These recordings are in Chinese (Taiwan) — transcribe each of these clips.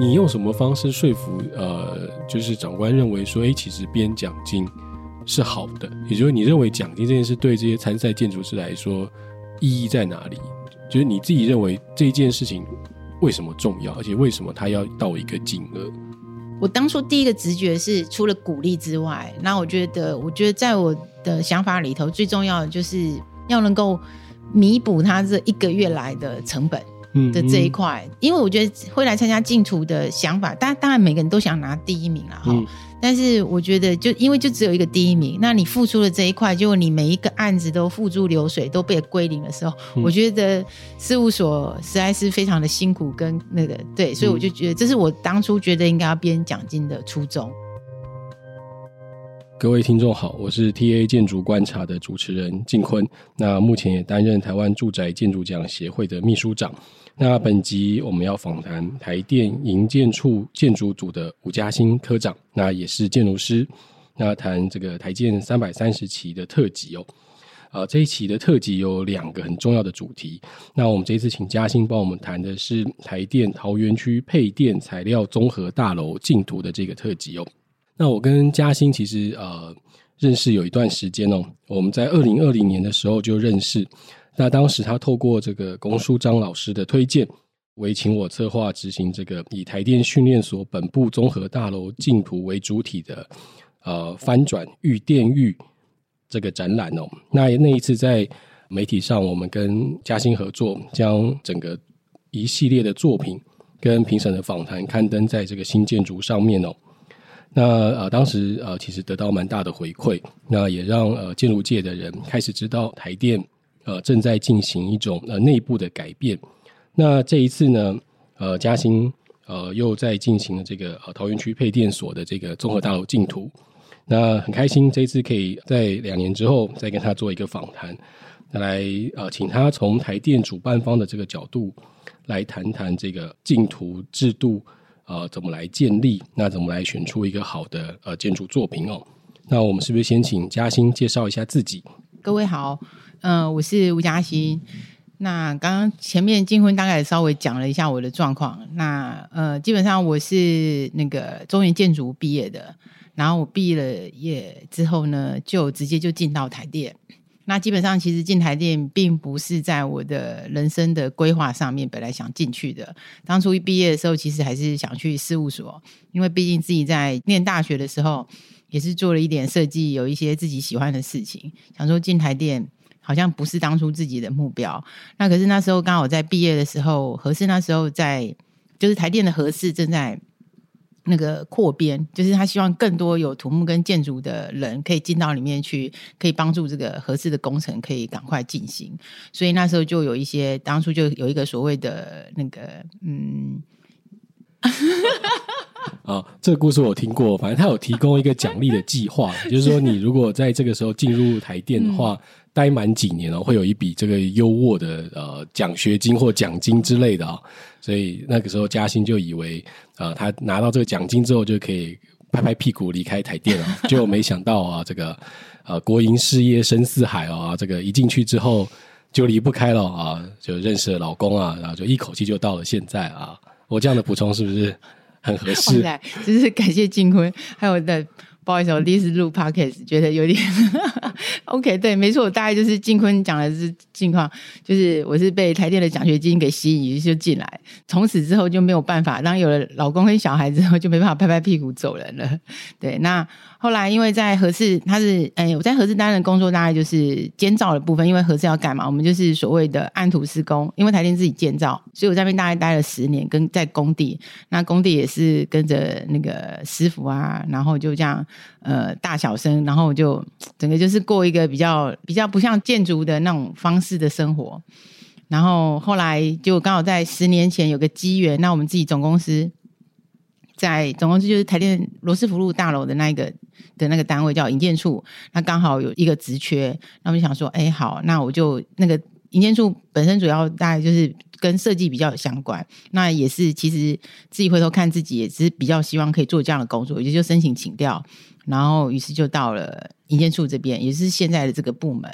你用什麼方式說服呃，就是長官認為說，誒、欸，其實編獎金是好的，也就是你認為獎金這件事對這些參賽建築師來說意義在哪裡？就是你自己認為這件事情為什麼重要，而且為什麼他要到一個金額？我當初第一個直覺是除了鼓勵之外，那我覺得，我覺得在我的想法裡頭，最重要的就是要能夠彌補他這一個月來的成本。的這一塊，嗯嗯、因為我覺得會來參加競圖的想法，但當然每個人都想拿第一名啦齁。嗯、但是我覺得，就因為就只有一個第一名，那你付出了這一塊，就你每一個案子都付諸流水都被歸零的時候，嗯、我覺得事務所實在是非常的辛苦跟那個對，所以我就覺得，這是我當初覺得應該要編獎金的初衷。各位聽眾好，我是 TA 建築觀察的主持人進坤，那目前也擔任台灣住宅建築獎協會的秘書長。那本集我們要訪談台電營建處建築組的吳佳欣課長，那也是建築師，那談這個台建三百三十期的特輯哦。啊，這一期的特輯有兩個很重要的主題，那我們這一次請佳欣幫我們談的是台電桃園區配電材料綜合大樓競圖的這個特輯哦。那我跟佳欣其實呃認識有一段時間哦，我們在二零二零年的時候就認識。那當時他透過這個龔書章老師的推薦，為請我策劃執行這個以台電訓練所本部綜合大樓競圖為主體的呃翻轉玉電玉這個展覽哦。那也那一次在媒體上，我們跟佳欣合作，將整個一系列的作品跟評審的訪談刊登在這個新建築上面哦。那呃，當時呃，其實得到蠻大的回饋，那也讓呃建築界的人開始知道台電呃正在進行一種呃內部的改變。那這一次呢，呃，佳欣呃又在進行了這個、呃、桃園區配電所的這個綜合大樓競圖。那很開心，這一次可以在兩年之後再跟他做一個訪談，來呃，請他從台電主辦方的這個角度來談談這個競圖制度。呃，怎麼來建立？那怎麼來選出一個好的呃建築作品哦？那我們是不是先請佳欣介紹一下自己？各位好，嗯、呃，我是吳佳欣。那剛剛前面進坤大概稍微講了一下我的狀況，那呃，基本上我是那個中原建築畢業的，然後我畢了業之後呢，就直接就進到台電。那基本上，其實進台電並不是在我的人生的規劃上面，本來想進去的。當初一畢業的時候，其實還是想去事務所，因為畢竟自己在念大學的時候也是做了一點設計，有一些自己喜歡的事情。想說進台電好像不是當初自己的目標。那可是那時候剛好在畢業的時候，合適那時候在就是台電的合適正在。那個擴編，就是他希望更多有土木跟建築的人可以進到裡面去，可以幫助這個合適的工程可以趕快進行。所以那時候就有一些，當初就有一個所謂的那個，嗯，啊、哦，這個故事我聽過，反正他有提供一個獎勵的計劃， 就是說你如果在這個時候進入台電的話。嗯待滿幾年哦、喔，會有一筆這個優渥的呃獎學金或獎金之類的啊、喔，所以那個時候佳欣就以為啊、呃，他拿到這個獎金之後就可以拍拍屁股離開台電了、啊，就 沒想到啊，這個呃國營事業深似海哦、喔啊，這個一進去之後就離不開了啊，就認識了老公啊，然後就一口氣就到了現在啊，我這樣的補充是不是很合適？只是感謝進坤，還有在。不好意思，我第一次錄 podcast，覺得有點 OK，對，沒錯，大概就是進坤講的是近況，就是我是被台電的獎學金給吸引，於是就進來，從此之後就沒有辦法，當然有了老公跟小孩之後，就沒辦法拍拍屁股走人了。對，那後來因為在核四，他是哎、欸，我在核四擔任工作，大概就是監造的部分，因為核四要幹嘛，我們就是所謂的按圖施工，因為台電自己建造，所以我在那邊大概待了十年，跟在工地，那工地也是跟着那個師傅啊，然後就這樣。呃，大小生，然後我就整個就是過一個比較比較不像建築的那種方式的生活，然後後來就剛好在十年前有個機緣，那我們自己總公司在總公司就是台電羅斯福路大樓的那個的那個單位叫營建處，那剛好有一個職缺，那我就想說，哎，好，那我就那個。營建處本身主要大概就是跟設計比較有相關，那也是其實自己回頭看自己也是比較希望可以做這樣的工作，也就申請請調，然後於是就到了營建處這邊，也是現在的這個部門。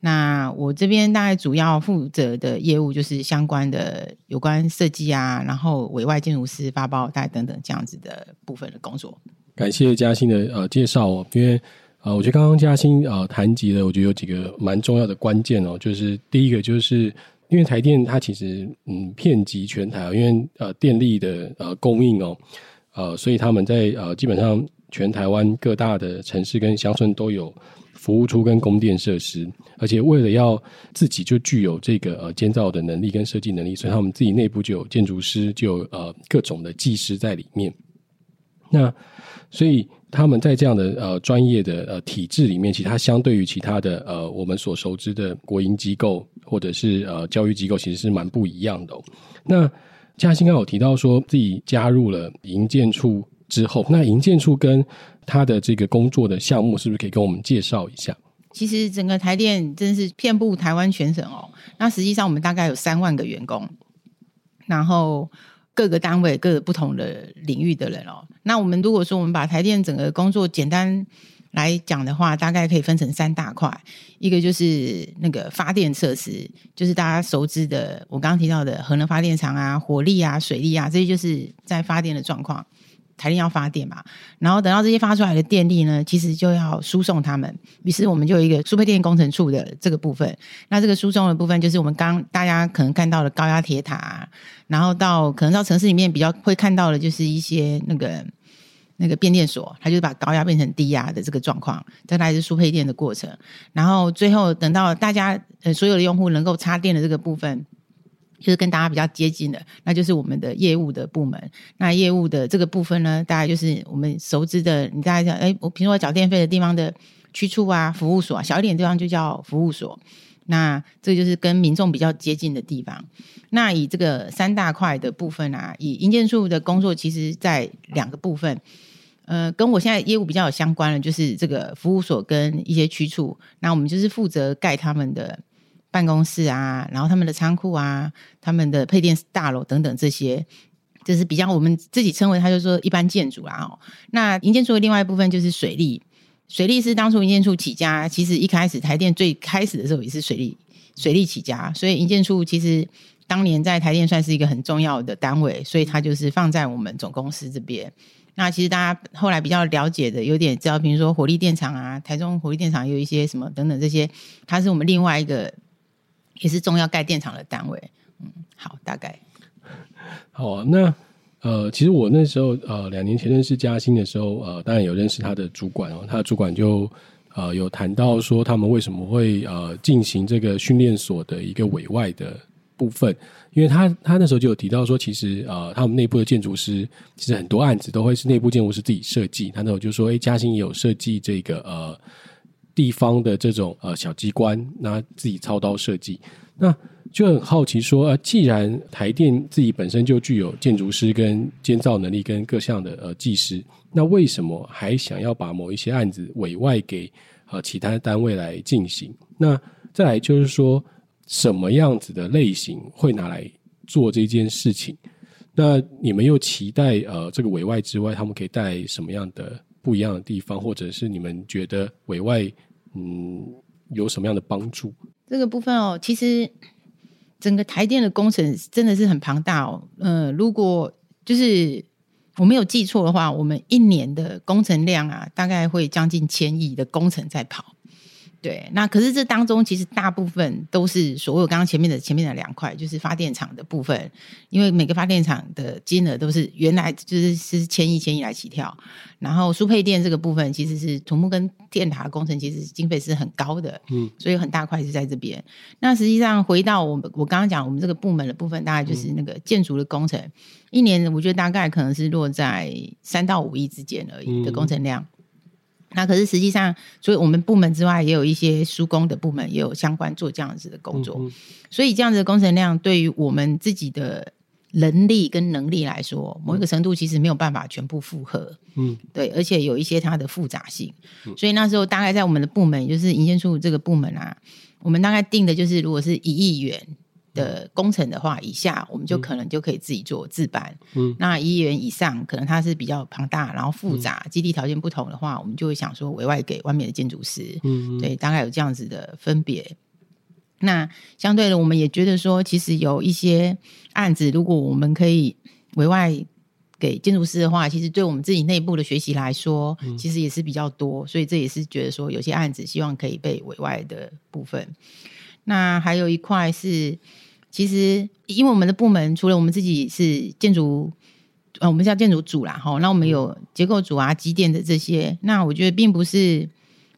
那我這邊大概主要負責的業務就是相關的有關設計啊，然後委外建築師發包大概等等這樣子的部分的工作。感謝佳欣的呃介紹哦，因為。啊、呃，我覺得剛剛佳欣啊談及的，我覺得有幾個蠻重要的關鍵哦，就是第一個就是因為台電它其實嗯遍及全台，因為呃電力的呃供應哦，呃所以他們在呃基本上全台灣各大的城市跟鄉村都有服務處跟供電設施，而且為了要自己就具有這個呃建造的能力跟設計能力，所以他們自己內部就有建築師就有呃各種的技師在裡面，那所以。他們在這樣的呃專業的呃體制裡面，其實它相對於其他的呃我們所熟知的國營機構或者是呃教育機構，其實是蠻不一樣的哦。那嘉欣剛有提到說自己加入了營建處之後，那營建處跟他的這個工作的項目，是不是可以跟我們介紹一下？其實整個台電真是遍布台灣全省哦。那實際上我們大概有三萬個員工，然後。各個單位、各個不同的領域的人哦，那我們如果說我們把台電整個工作簡單來講的話，大概可以分成三大塊，一個就是那個發電設施，就是大家熟知的我剛剛提到的核能發電廠啊、火力啊、水力啊，這些就是在發電的狀況。台電要發電嘛，然後等到這些發出來的電力呢，其實就要輸送它們。於是我們就有一個輸配電工程處的這個部分。那這個輸送的部分，就是我們剛大家可能看到了高壓鐵塔，然後到可能到城市裡面比較會看到的，就是一些那個那個變電所，它就是把高壓變成低壓的這個狀況，再來是輸配電的過程。然後最後等到大家呃所有的用戶能夠插電的這個部分。就是跟大家比較接近的，那就是我們的業務的部門。那業務的這個部分呢，大概就是我們熟知的，你大家想，哎、欸，我譬如說我繳電費的地方的區處啊，服務所啊，小一點的地方就叫服務所。那這就是跟民眾比較接近的地方。那以這個三大塊的部分啊，以營建處的工作，其實，在兩個部分，呃，跟我現在業務比較有相關的，就是這個服務所跟一些區處。那我們就是負責蓋他們的。辦公室啊，然後他們的倉庫啊，他們的配電大樓等等這些，就是比較我們自己稱為，他就說一般建築啦。哦，那營建處的另外一部分就是水利，水利是當初營建處起家，其實一開始台電最開始的時候也是水利，水利起家，所以營建處其實當年在台電算是一個很重要的單位，所以它就是放在我們總公司這邊。那其實大家後來比較了解的，有點知道，比如說火力電廠啊，台中火力電廠有一些什麼等等這些，它是我們另外一個。也是重要蓋電廠的單位，嗯，好，大概好啊，那呃，其實我那時候呃，兩年前認識佳欣的時候，呃，當然有認識他的主管哦。他的主管就呃有談到說，他們為什麼會呃進行這個訓練所的一個委外的部分，因為他他那時候就有提到說，其實呃他們內部的建築師其實很多案子都會是內部建築師自己設計。他那時候就說，誒、欸，佳欣也有設計這個呃。地方的這種呃小機關，那自己操刀設計，那就很好奇說，既然台電自己本身就具有建築師跟建造能力跟各項的呃技師，那為什麼還想要把某一些案子委外給呃其他單位來進行？那再來就是說，什麼樣子的類型會拿來做這件事情？那你們又期待呃這個委外之外，他們可以帶來什麼樣的不一樣的地方，或者是你們覺得委外？嗯，有什麼樣的幫助？這個部分哦，其實整個台電的工程真的是很龐大哦。嗯、呃，如果就是我沒有記錯的話，我們一年的工程量啊，大概會將近千億的工程在跑。對，那可是這當中其實大部分都是所謂我剛剛前面的前面的兩塊，就是發電廠的部分，因為每個發電廠的金額都是原來就是是千億千億來起跳，然後輸配電這個部分其實是土木跟電塔工程，其實經費是很高的，嗯，所以很大塊是在這邊。嗯、那實際上回到我們我剛剛講我們這個部門的部分，大概就是那個建築的工程，嗯、一年我覺得大概可能是落在三到五億之間而已的工程量。嗯那可是實際上，所以除了我們部門之外，也有一些施工的部門也有相關做這樣子的工作，嗯嗯、所以這樣子的工程量對於我們自己的人力跟能力來說，某一個程度其實沒有辦法全部負荷，嗯，嗯，對，而且有一些它的複雜性，所以那時候大概在我們的部門，就是營建處這個部門啊，我們大概定的就是如果是一億元。的工程的話，以下我們就可能就可以自己做自辦。嗯，那一億元以上，可能它是比較龐大，然後複雜，嗯、基地條件不同的話，我們就會想說委外給外面的建築師。嗯，嗯，對，大概有這樣子的分別。那相對的，我們也覺得說，其實有一些案子，如果我們可以委外給建築師的話，其實對我們自己內部的學習來說，嗯、其實也是比較多。所以這也是覺得說，有些案子希望可以被委外的部分。那還有一塊是，其實，因為我們的部門除了我們自己是建築，呃、啊，我們叫建築組啦，吼，那我們有結構組啊、機電的這些，那我覺得並不是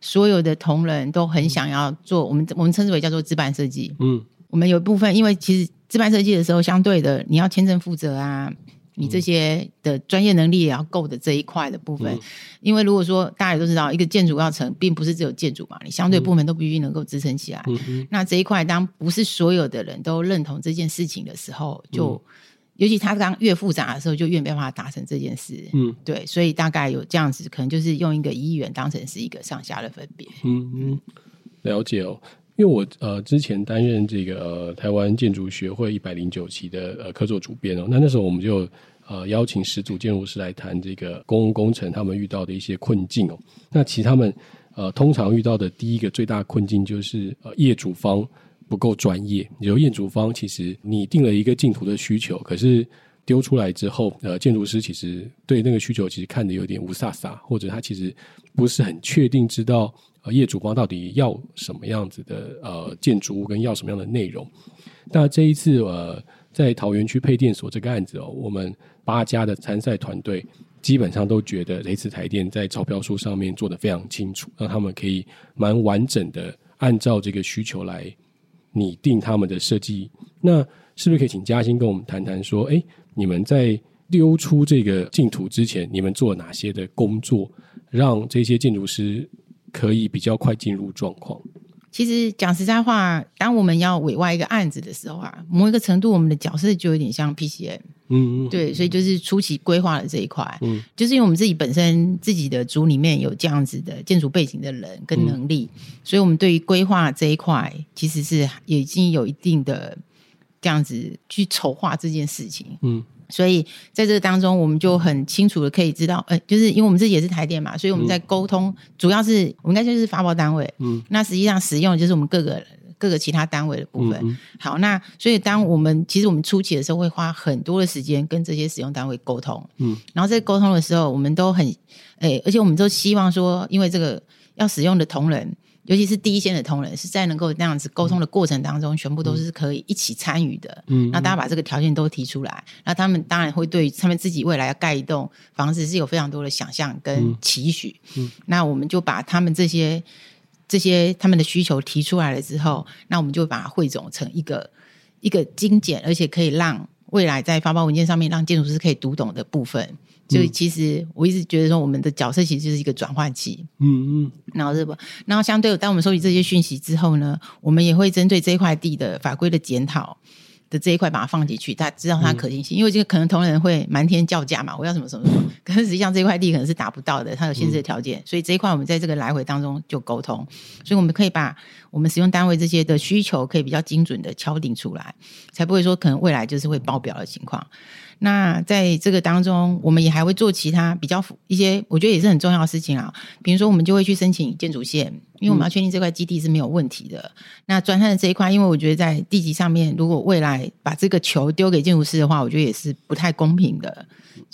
所有的同仁都很想要做，我們我們稱之為叫做自辦設計，嗯，我們有一部分，因為其實自辦設計的時候，相對的你要簽證負責啊。你這些的專業能力也要夠的這一塊的部分，嗯、因為如果說大家也都知道，一個建築要成，並不是只有建築嘛，你相對部門都必須能夠支撐起來。嗯嗯嗯、那這一塊當不是所有的人都認同這件事情的時候，就、嗯、尤其它當越複雜的時候，就越沒辦法達成這件事。嗯，對，所以大概有這樣子，可能就是用一個一億元當成是一個上下的分別。嗯嗯，了解哦。因為我呃之前擔任這個呃台灣建築學會一百零九期的呃客座主編哦，那那時候我們就呃邀請十組建築師來談這個公共工程他們遇到的一些困境哦，那其實他們呃通常遇到的第一個最大困境就是，呃，業主方不夠專業，有業主方其實擬定了一個競圖的需求，可是，丟出來之後，呃，建築師其實對那個需求其實看得有點霧煞煞，或者他其實不是很確定知道呃業主方到底要什麼樣子的呃建築物跟要什麼樣的內容。那這一次呃，在桃園區配電所這個案子哦，我們八家的參賽團隊基本上都覺得這次台電在招標書上面做得非常清楚，讓他們可以蠻完整的按照這個需求來擬定他們的設計。那是不是可以請佳欣跟我們談談說，哎、欸，你們在丟出這個競圖之前，你們做了哪些的工作，讓這些建築師可以比較快進入狀況？其實講實在話，當我們要委外一個案子的時候啊，某一個程度，我們的角色就有點像 PCM，嗯，嗯，嗯、對，所以就是初期規劃的這一塊，嗯，嗯，就是因為我們自己本身自己的組裡面有這樣子的建築背景的人跟能力，嗯嗯，所以我們對於規劃這一塊其實是已經有一定的。這樣子去籌劃這件事情，嗯，所以在這個當中，我們就很清楚的可以知道，呃、欸，就是因為我們自己也是台電嘛，所以我們在溝通，主要是、嗯、我們應該就是發包單位，嗯，那實際上使用就是我們各個各個其他單位的部分。嗯嗯好，那所以當我們其實我們初期的時候會花很多的時間跟這些使用單位溝通，嗯，然後在溝通的時候，我們都很，哎、欸，而且我們都希望說，因為這個要使用的同仁。尤其是第一線的同仁，是在能夠那樣子溝通的過程當中，全部都是可以一起參與的。嗯，那大家把這個條件都提出來，嗯，那他們當然會對於他們自己未來要蓋一棟房子是有非常多的想象跟期許。嗯，嗯，那我們就把他們這些這些他們的需求提出來了之後，那我們就把它匯總成一個一個精簡，而且可以讓未來在發包文件上面讓建築師可以讀懂的部分。就其實，我一直覺得說，我們的角色其實就是一個轉換器。嗯嗯。然後是不，然後相對，當我們收集這些訊息之後呢，我們也會針對這一塊地的法規的檢討的這一塊，把它放進去，他知道它可行性。嗯、因為這個可能同仁會瞞天叫價嘛，我要什麼什麼什麼，可是實際上這塊地可能是達不到的，它有限制的條件。嗯、所以這一塊我們在這個來回當中就溝通，所以我們可以把我們使用單位這些的需求，可以比較精準的敲定出來，才不會說可能未來就是會爆表的情況。那在這個當中，我們也還會做其他比較一些，我覺得也是很重要的事情啊。比如說，我們就會去申請建築線，因為我們要確定這塊基地是沒有問題的。嗯、那專項的這一塊，因為我覺得在地籍上面，如果未來把這個球丟給建築師的話，我覺得也是不太公平的，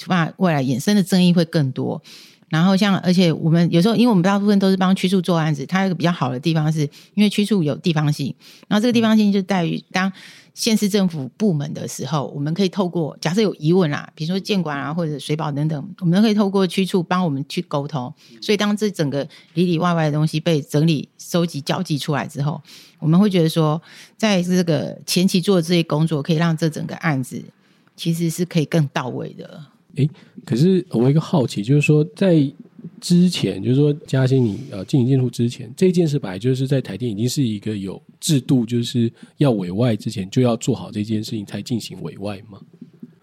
怕未來衍生的爭議會更多。然後像，像而且我們有時候，因為我們大部分都是幫區處做案子，它有一個比較好的地方是因為區處有地方性，然後這個地方性就在於當。縣市政府部門的時候，我們可以透過假設有疑問啊，比如說建管啊或者水保等等，我們都可以透過區處幫我們去溝通。所以，當這整個裡裡外外的東西被整理、收集、交集出來之後，我們會覺得說，在這個前期做的這些工作，可以讓這整個案子其實是可以更到位的。哎、欸，可是我有一個好奇，就是說在。之前就是說，佳欣你呃進行建築之前，這件事本來就是在台電已經是一個有制度，就是要委外之前就要做好這件事情，才進行委外嗎？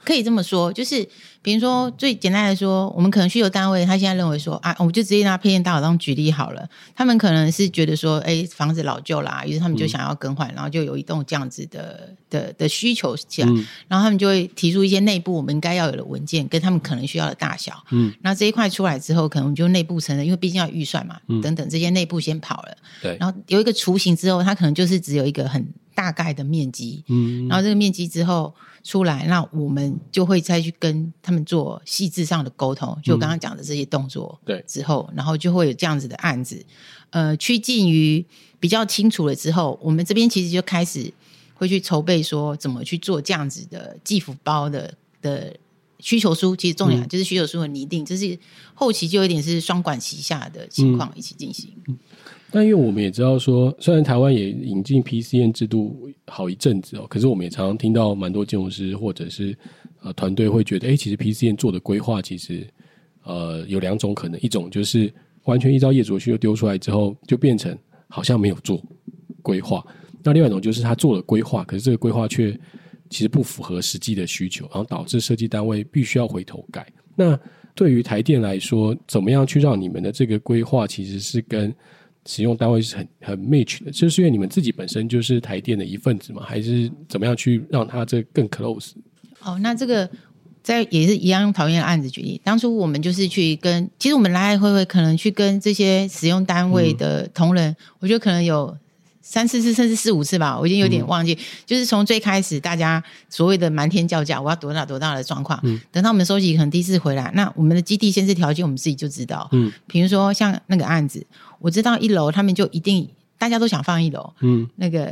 可以這麼說，就是比如說最簡單來說，我們可能需求單位他現在認為說啊，我就直接拿配電大樓當舉例好了。他們可能是覺得說，哎、欸，房子老舊啦，於是他們就想要更換，嗯、然後就有一棟這樣子的的的需求起來，嗯、然後他們就會提出一些內部我們應該要有的文件跟他們可能需要的大小。嗯，那這一塊出來之後，可能就內部承的，因為畢竟要預算嘛，嗯、等等這些內部先跑了。對，然後有一個雛形之後，它可能就是只有一個很大概的面積。嗯，然後這個面積之後。出來，那我們就會再去跟他們做細緻上的溝通，就剛剛講的這些動作、嗯。對，之後，然後就會有這樣子的案子，呃，趨近於比較清楚了之後，我們這邊其實就開始會去籌備，說怎麼去做這樣子的技服包的的需求書。其實重點就是需求書的擬定，嗯、就是後期就有一點是雙管齊下的情況一起進行。嗯嗯但因為我們也知道說，雖然台灣也引進 PCM 制度好一陣子哦，可是我們也常常聽到蠻多建築師或者是呃團隊會覺得，哎，其實 PCM 做的規劃其實呃有兩種可能，一種就是完全依照業主的需求丟出來之後，就變成好像沒有做規劃；那另外一種就是他做了規劃，可是這個規劃卻其實不符合實際的需求，然後導致設計單位必須要回頭改。那對於台電來說，怎麼樣去讓你們的這個規劃其實是跟使用單位是很很 match 的，就是因為你們自己本身就是台電的一份子嘛，還是怎麼樣去讓它這更 close？哦，那這個在也是一樣，用桃園的案子舉例，當初我們就是去跟，其實我們來來回回可能去跟這些使用單位的同仁，嗯、我覺得可能有。三四次、次甚至四五次吧，我已經有點忘記。嗯、就是從最開始，大家所謂的瞞天叫價，我要多大多大的狀況？嗯、等到我們收集，可能第一次回來，那我們的基地限制條件，我們自己就知道。嗯，比如說像那個案子，我知道一樓他們就一定大家都想放一樓，嗯，那個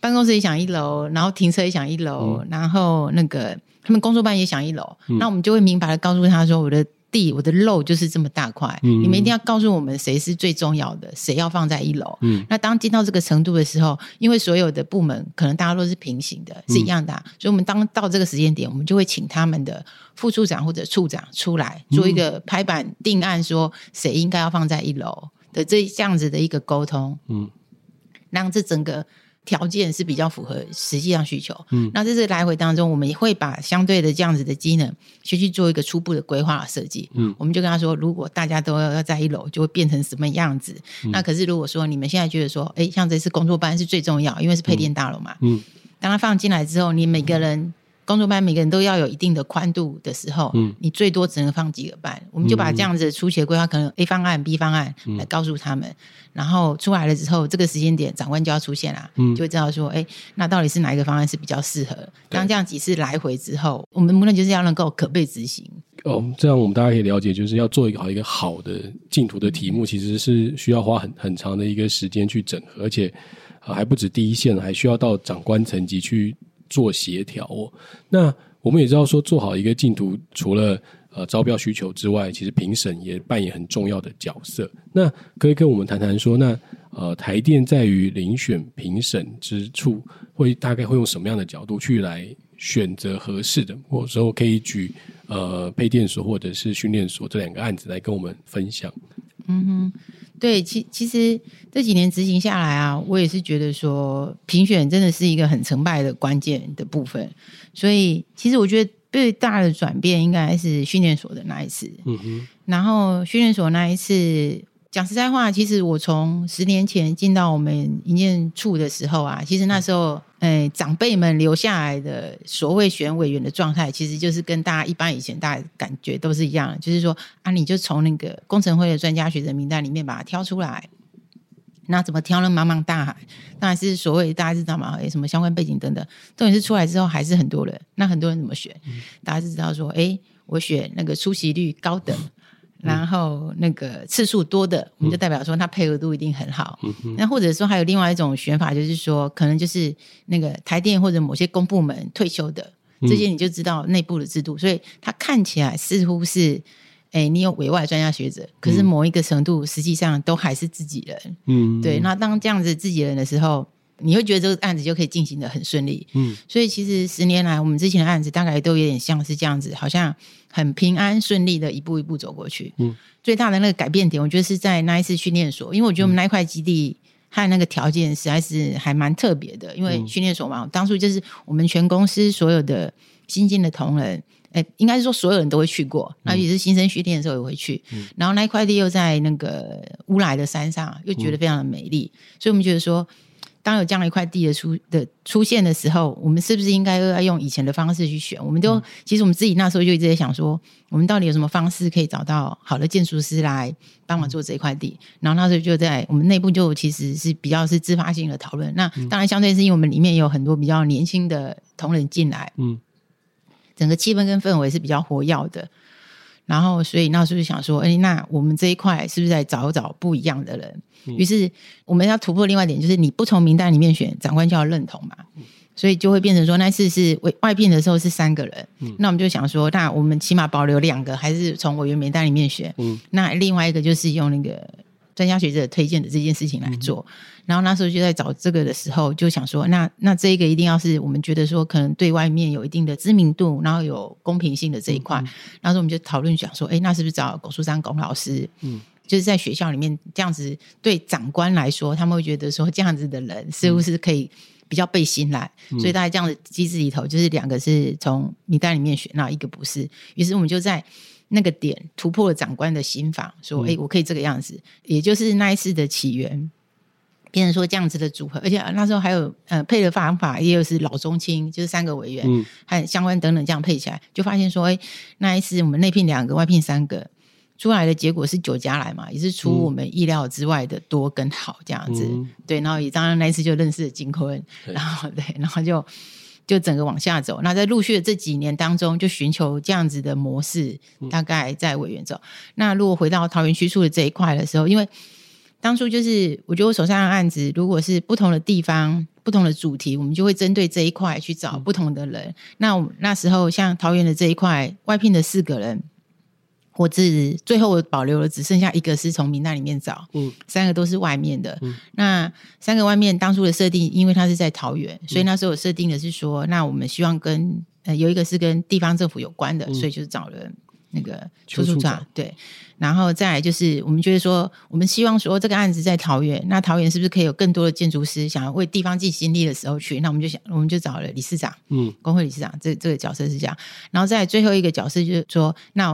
辦公室也想一樓，然後停車也想一樓，嗯、然後那個他們工作班也想一樓，嗯、那我們就會明白的告訴他說我的。地，我的肉就是這麼大塊，嗯嗯嗯，你們一定要告訴我們誰是最重要的，誰要放在一樓。嗯嗯嗯，那當進到這個程度的時候，因為所有的部門可能大家都是平行的，是一樣的啊，嗯嗯，所以我們當到這個時間點，我們就會請他們的副處長或者處長出來做一個拍板定案，說誰應該要放在一樓的這這樣子的一個溝通，嗯，讓這整個。條件是比較符合實際上需求，嗯，那這次來回當中，我們也會把相對的這樣子的機能先去做一個初步的規劃設計，嗯，我們就跟他說，如果大家都要要在一樓，就會變成什麼樣子？嗯，那可是如果說你們現在覺得說，哎、欸，像這次工作班是最重要，因為是配電大樓嘛嗯，嗯，當他放進來之後，你每個人。工作班每個人都要有一定的寬度的時候，嗯、你最多只能放幾個班。嗯、我們就把這樣子的出血規劃，嗯、可能 A 方案、B 方案來告訴他們。嗯、然後出來了之後，這個時間點長官就要出現了，嗯、就會知道說，哎、欸，那到底是哪一個方案是比較適合？對當這樣幾次來回之後，我們無論就是要能夠可被執行。哦，這樣我們大家可以了解，就是要做一個好一個好的競圖的題目，嗯、其實是需要花很很長的一個時間去整合，而且、啊、還不止第一線，還需要到長官層級去。做協調哦，那我們也知道說做好一個競圖，除了呃招標需求之外，其實評審也扮演很重要的角色。那可以跟我們談談說，那呃台電在於遴選評審之處，會大概會用什麼樣的角度去來選擇合適的？或者說可以舉呃配電所或者是訓練所這兩個案子來跟我們分享。嗯哼。對，其其實這幾年執行下來啊，我也是覺得說，評選真的是一個很成敗的關鍵的部分。所以，其實我覺得最大的轉變應該是訓練所的那一次。嗯哼。然後訓練所那一次，講實在話，其實我從十年前進到我們營建處的時候啊，其實那時候。嗯哎，長輩們留下來的所謂選委員的狀態，其實就是跟大家一般以前大家感覺都是一樣的，就是說啊，你就從那個工程會的專家學者名單裡面把它挑出來，那怎麼挑呢？茫茫大海，當然是所謂大家知道嘛，有、欸、什麼相關背景等等，重點是出來之後還是很多人，那很多人怎麼選？大家就知道說，哎、欸，我選那個出席率高的。然後那個次數多的，我們、嗯、就代表說他配合度一定很好。嗯嗯、那或者說還有另外一種選法，就是說可能就是那個台電或者某些公部門退休的這些，你就知道內部的制度，嗯、所以它看起來似乎是，哎、欸，你有委外專家學者，可是某一個程度實際上都還是自己人。嗯，對。那當這樣子自己人的時候，你會覺得這個案子就可以進行得很順利，嗯，所以其實十年來我們之前的案子大概都有點像是這樣子，好像很平安順利的一步一步走過去，嗯，最大的那個改變點，我覺得是在那一次訓練所，因為我覺得我們那一塊基地和那個條件實在是還蠻特別的，因為訓練所嘛，嗯，當初就是我們全公司所有的新進的同仁，哎、欸，應該是說所有人都會去過，那也是新生訓練的時候也會去，嗯，然後那一塊地又在那個烏來的山上，又覺得非常的美麗，嗯，所以我們覺得說。當有這樣一塊地的出的出現的時候，我們是不是應該又要用以前的方式去選？我們都、嗯、其實我們自己那時候就一直在想說，我們到底有什麼方式可以找到好的建築師來幫忙做這一塊地？嗯、然後那時候就在我們內部就其實是比較是自發性的討論。那當然，相對是因為我們裡面有很多比較年輕的同仁進來，嗯，整個氣氛跟氛圍是比較活躍的。然後，所以那是不是想說，哎，那我們這一塊是不是在找找不一樣的人？嗯、於是我們要突破另外一點，就是你不從名單裡面選，長官就要認同嘛。嗯、所以就會變成說，那次是外聘的時候是三個人，嗯、那我們就想說，那我們起碼保留兩個，還是從委員名單裡面選。嗯、那另外一個就是用那個專家學者推薦的這件事情來做，然後那時候就在找這個的時候，就想說，那那這個一定要是我們覺得說，可能對外面有一定的知名度，然後有公平性的這一塊。然後、嗯嗯、我們就討論想說，哎、欸，那是不是找龔書章龔老師？嗯，就是在學校裡面這樣子，對長官來說，他們會覺得說，這樣子的人似乎是可以。比較被信賴，所以大概這樣的機制裡頭，嗯、就是兩個是從名單裡面選，那一個不是。於是我們就在那個點突破了長官的心防，說：“哎、欸，我可以這個樣子。嗯”也就是那一次的起源，變成說這樣子的組合。而且、啊、那時候還有呃配的方法，也有是老中青，就是三個委員還有、嗯、相關等等這樣配起來，就發現說：“哎、欸，那一次我們內聘兩個，外聘三個。”出來的結果是九家來嘛，也是出我們意料之外的多跟好這樣子，嗯嗯、對。然後也當然那次就認識了進坤，然後對，然後就就整個往下走。那在陸續的這幾年當中，就尋求這樣子的模式，大概在委員中。嗯、那如果回到桃園區處的這一塊的時候，因為當初就是我覺得我手上的案子，如果是不同的地方、不同的主題，我們就會針對這一塊去找不同的人。嗯、那我那時候像桃園的這一塊外聘的四個人，或是最後我保留了，只剩下一個是從名單裡面找，嗯、三個都是外面的。嗯、那三個外面當初的設定，因為他是在桃園，所以那時候我設定的是說，嗯、那我們希望跟、呃、有一個是跟地方政府有關的，嗯、所以就是找人。那個出處長對，然後再來就是我們覺得說，我們希望說這個案子在桃園，那桃園是不是可以有更多的建築師想要為地方盡心力的時候去？那我們就想，我們就找了理事長，嗯，工會理事長這個、這個角色是這樣。然後再最後一個角色就是說，那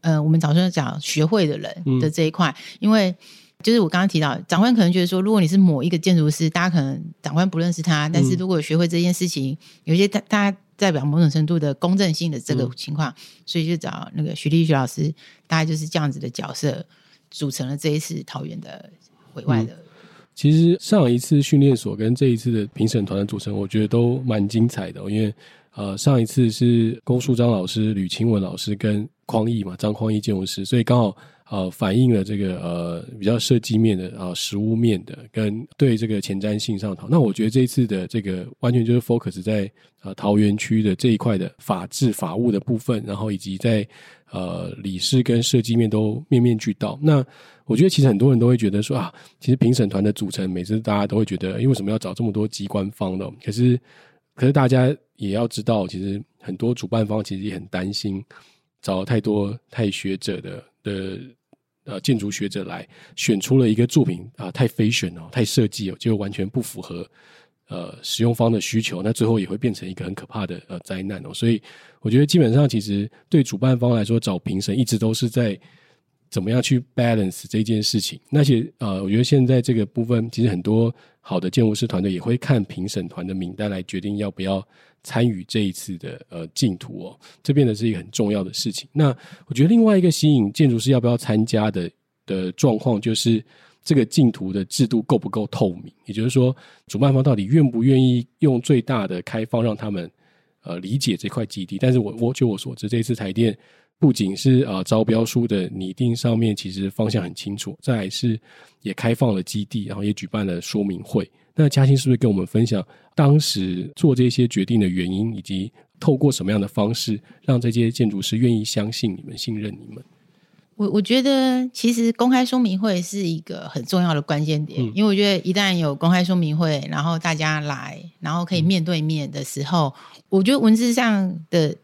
嗯、呃、我們早上講學會的人的這一塊，嗯、因為就是我剛剛提到，長官可能覺得說，如果你是某一個建築師，大家可能長官不認識他，但是如果學會這件事情，嗯、有些他大家。他代表某種程度的公正性的這個情況，嗯、所以就找那個徐立學老師，大概就是這樣子的角色組成了這一次桃園的委外的、嗯。其實上一次訓練所跟這一次的評審團的組成，我覺得都蠻精彩的，因為呃上一次是龔書章老師、呂欽文老師跟匡逸嘛，張匡逸建築師，所以剛好。呃，反映了這個呃比較設計面的啊、呃、實物面的，跟對這個前瞻性上頭。那我覺得這一次的這個完全就是 focus 在呃桃園區的這一塊的法制法務的部分，然後以及在呃理事跟設計面都面面俱到。那我覺得其實很多人都會覺得說啊，其實評審團的組成每次大家都會覺得，因、哎、為為什麼要找這麼多機關方呢？可是可是大家也要知道，其實很多主辦方其實也很擔心找了太多太學者的的。呃，建築學者來選出了一個作品啊、呃，太 fashion 哦，太設計哦，就完全不符合呃使用方的需求，那最後也會變成一個很可怕的呃災難哦。所以我覺得基本上，其實對主辦方來說，找評審一直都是在怎麼樣去 balance 這件事情。那些呃，我覺得現在這個部分，其實很多。好的建築師團隊也會看評審團的名單，來決定要不要參與這一次的呃競圖哦。這變得是一個很重要的事情。那我覺得另外一個吸引建築師要不要參加的的狀況，就是這個競圖的制度夠不夠透明，也就是說，主辦方到底願不願意用最大的開放讓他們呃理解這塊基地。但是我我據我所知，這一次台電。不僅是呃，招標書的擬定上面其實方向很清楚，再來是也開放了基地，然後也舉辦了說明會。那佳欣是不是跟我們分享當時做這些決定的原因，以及透過什麼樣的方式讓這些建築師願意相信你們、信任你們？我我覺得其實公開說明會是一個很重要的關鍵點，嗯、因為我覺得一旦有公開說明會，然後大家來，然後可以面對面的時候，嗯、我覺得文字上的，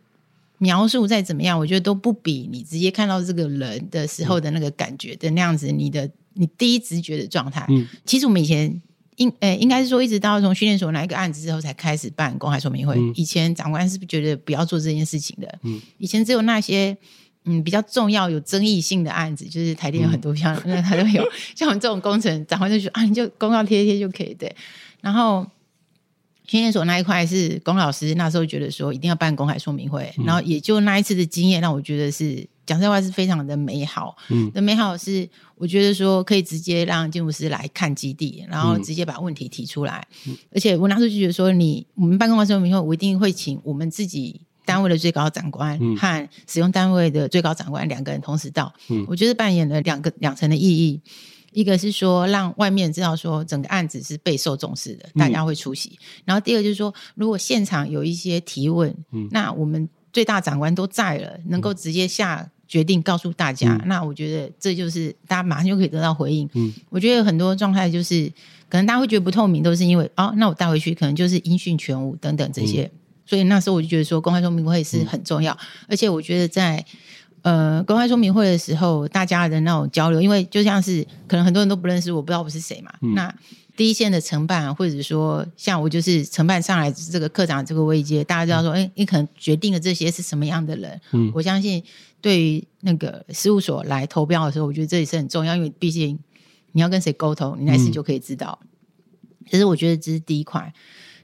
描述再怎麼樣，我覺得都不比你直接看到這個人的時候的那個感覺的、嗯、那樣子，你的你第一直覺的狀態。嗯，其實我們以前應誒、欸，應該是說一直到從訓練所拿一個案子之後才開始辦公開說明會。嗯、以前長官是不是覺得不要做這件事情的？嗯，以前只有那些嗯比較重要有爭議性的案子，就是台電有很多票，嗯、那他都有， 像我們這種工程長官就說啊，你就公告貼貼就可以。對，然後。訓練所那一塊是龔老師那時候覺得說一定要辦公開說明會，嗯、然後也就那一次的經驗讓我覺得是講這話是非常的美好。嗯，的美好是我覺得說可以直接讓建築師來看基地，然後直接把問題提出來。嗯、而且我那時候就覺得說你，你我們辦公開說明會，我一定會請我們自己單位的最高長官和使用單位的最高長官兩個人同時到。嗯，我覺得扮演了兩個兩層的意義。一個是說讓外面知道說整個案子是備受重視的，嗯、大家會出席。然後第二就是說，如果現場有一些提問，嗯、那我們最大長官都在了，嗯、能夠直接下決定告訴大家，嗯、那我覺得這就是大家馬上就可以得到回應。嗯、我覺得很多狀態就是，可能大家會覺得不透明，都是因為啊、哦，那我帶回去可能就是音訊全無等等這些。嗯、所以那時候我就覺得說，公開說明會是很重要，嗯、而且我覺得在。呃，公開說明會的時候，大家的那種交流，因為就像是可能很多人都不認識我，我不知道我是誰嘛。嗯、那第一線的承辦，或者說像我就是承辦上來這個課長這個位階，大家知道說，哎、嗯，你、欸、可能決定了這些是什麼樣的人。嗯、我相信，對於那個事務所來投標的時候，我覺得這也是很重要，因為畢竟你要跟誰溝通，你那時就可以知道。其實、嗯、我覺得這是第一塊，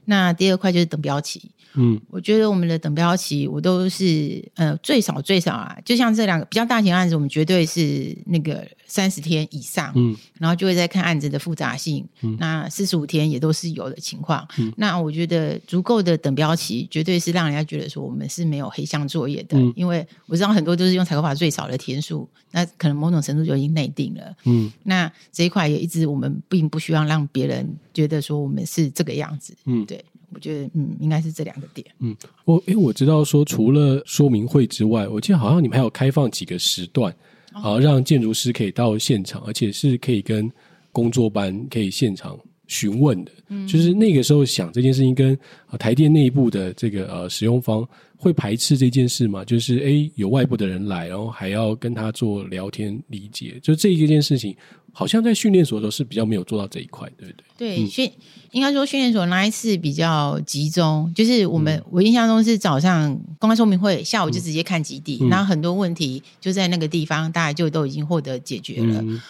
那第二塊就是等標期。嗯，我覺得我們的等標期，我都是呃最少最少啊，就像這兩個比較大型案子，我們絕對是那個三十天以上，嗯，然後就會再看案子的複雜性，嗯，那四十五天也都是有的情況，嗯，那我覺得足夠的等標期，絕對是讓人家覺得說我們是沒有黑箱作業的，嗯，因為我知道很多都是用採購法最少的天數，那可能某種程度就已經內定了，嗯，那這一塊也一直我們並不希望讓別人覺得說我們是這個樣子，嗯，對。我覺得嗯，應該是這兩個點。嗯，我因為我知道說，除了說明會之外，我記得好像你們還有開放幾個時段，哦、啊，讓建築師可以到現場，而且是可以跟工作班可以現場詢問的。嗯，就是那個時候想這件事情跟，跟、啊、台電內部的這個呃使用方會排斥這件事嗎？就是哎，有外部的人來，然後還要跟他做聊天理解，就這一件事情。好像在訓練所的時候是比較沒有做到這一塊，對不對？對，訓應該說訓練所那一次比較集中，就是我們、嗯、我印象中是早上公開說明會，下午就直接看基地，嗯、然後很多問題就在那個地方，大家就都已經獲得解決了。嗯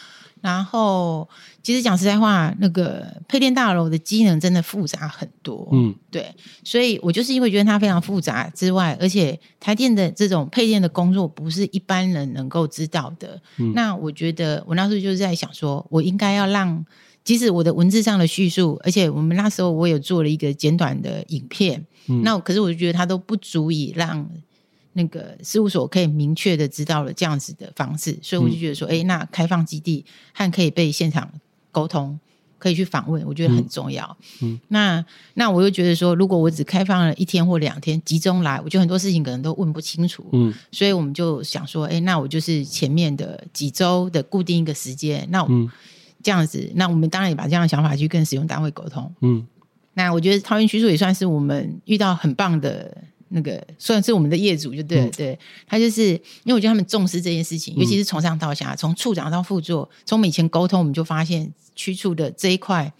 然後，其實講實在話，那個配電大樓的機能真的複雜很多，嗯，對，所以我就是因為覺得它非常複雜之外，而且台電的這種配電的工作不是一般人能夠知道的。嗯、那我覺得我那時候就是在想說，說我應該要讓，即使我的文字上的敘述，而且我們那時候我有做了一個簡短的影片，嗯、那可是我就覺得它都不足以讓。那個事務所可以明確的知道了這樣子的方式，所以我就覺得說，哎、嗯欸，那開放基地和可以被現場溝通，可以去訪問，我覺得很重要。嗯，嗯那那我又覺得說，如果我只開放了一天或兩天集中來，我覺得很多事情可能都問不清楚。嗯，所以我們就想說，哎、欸，那我就是前面的幾周的固定一個時間，那我、嗯、這樣子，那我們當然也把這樣的想法去跟使用單位溝通。嗯，那我覺得桃園區處也算是我們遇到很棒的。那個算是我們的業主，就對、嗯、對，他就是因為我覺得他們重視這件事情，尤其是從上到下，嗯、從處長到副座，從我們以前溝通，我們就發現區處的這一塊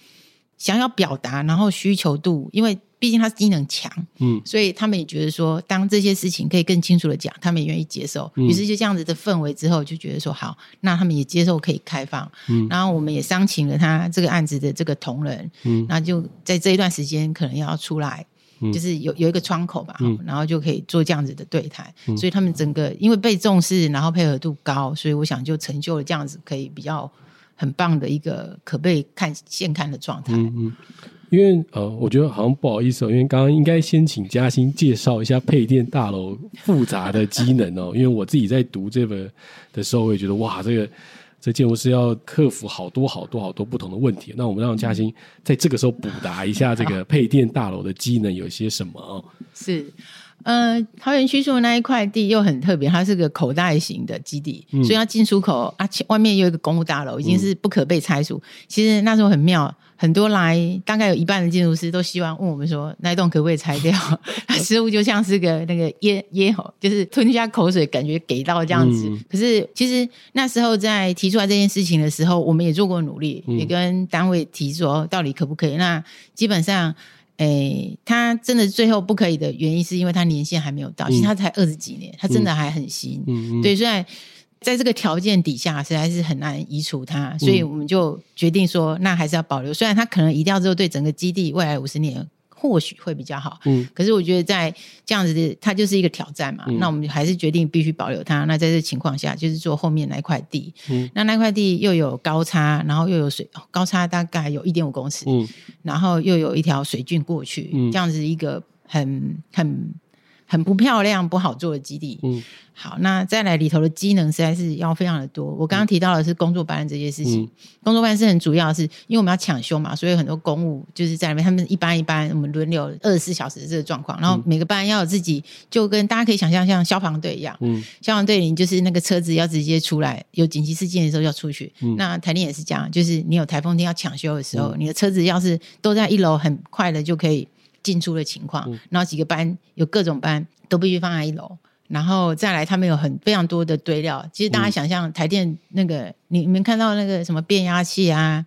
想要表達，然後需求度，因為畢竟他是技能強，嗯，所以他們也覺得說，當這些事情可以更清楚的講，他們也願意接受，嗯、於是就這樣子的氛圍之後，就覺得說好，那他們也接受可以開放，嗯，然後我們也商請了他這個案子的這個同仁，嗯，那就在這一段時間可能要出來。就是有有一個窗口吧，嗯、然後就可以做這樣子的對台，嗯、所以他們整個因為被重視，然後配合度高，所以我想就成就了這樣子可以比較很棒的一個可被看現看的狀態。嗯，嗯因為呃，我覺得好像不好意思，因為剛剛應該先請佳欣介紹一下配電大樓複雜的機能哦， 因為我自己在讀這個的時候，我也覺得哇，這個。這幾乎是要克服好多好多好多不同的問題。那我們讓佳欣在這個時候補答一下這個配電大樓的機能有些什麼？ 是。呃，桃園區處的那一塊地又很特別，它是個口袋型的基地，嗯、所以它進出口啊，外面有一個公務大樓，已經是不可被拆除。嗯、其實那時候很妙，很多來大概有一半的建築師都希望問我們說，那一棟可不可以拆掉？實物 就像是個那個咽咽喉，就是吞下口水，感覺給到這樣子。嗯、可是其實那時候在提出來這件事情的時候，我們也做過努力，嗯、也跟單位提說到底可不可以？那基本上。誒，他、欸、真的最後不可以的原因，是因為他年限還沒有到，嗯、其實他才二十幾年，他真的還很新。嗯嗯嗯、對，雖然在這個條件底下，實在是很難移除它，所以我們就決定說，那還是要保留。嗯、雖然他可能移掉之後，對整個基地未來五十年。或許會比較好，嗯，可是我覺得在這樣子它就是一個挑戰嘛。嗯，那我們還是決定必須保留它。那在這個情況下，就是做後面那塊地，嗯，那那塊地又有高差，然後又有水，高差大概有一點五公尺，嗯，然後又有一條水圳過去，嗯，這樣子一個很很。很不漂亮，不好做的基地。嗯，好，那再來裡頭的機能實在是要非常的多。我剛剛提到的是工作班這些事情，工作班是很主要，是因為我們要搶修嘛，所以很多公務就是在裡面。他們一班一班，我們輪流二十四小時這個狀況。然後每個班要有自己，就跟大家可以想象像，像消防隊一樣，嗯，消防隊裡就是那個車子要直接出來，有緊急事件的時候要出去。那台電也是這樣，就是你有台風天要搶修的時候，你的車子要是都在一樓，很快的就可以。進出的情況，然後幾個班有各種班都必須放在一樓，然後再來他們有很非常多的堆料。其實大家想象台電那個，你們看到那個什麼變壓器啊，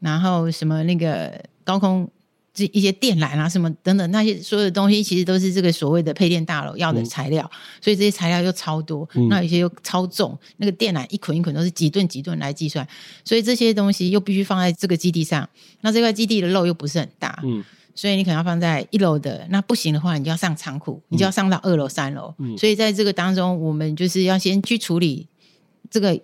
然後什麼那個高空這一些電纜啊，什麼等等那些所有東西，其實都是這個所謂的配電大樓要的材料，嗯、所以這些材料又超多，那有些又超重，那個電纜一捆一捆都是幾噸幾噸來計算，所以這些東西又必須放在這個基地上。那這塊基地的漏又不是很大。嗯所以你可能要放在一樓的，那不行的話，你就要上倉庫，嗯、你就要上到二樓、三樓。嗯、所以在這個當中，我們就是要先去處理這個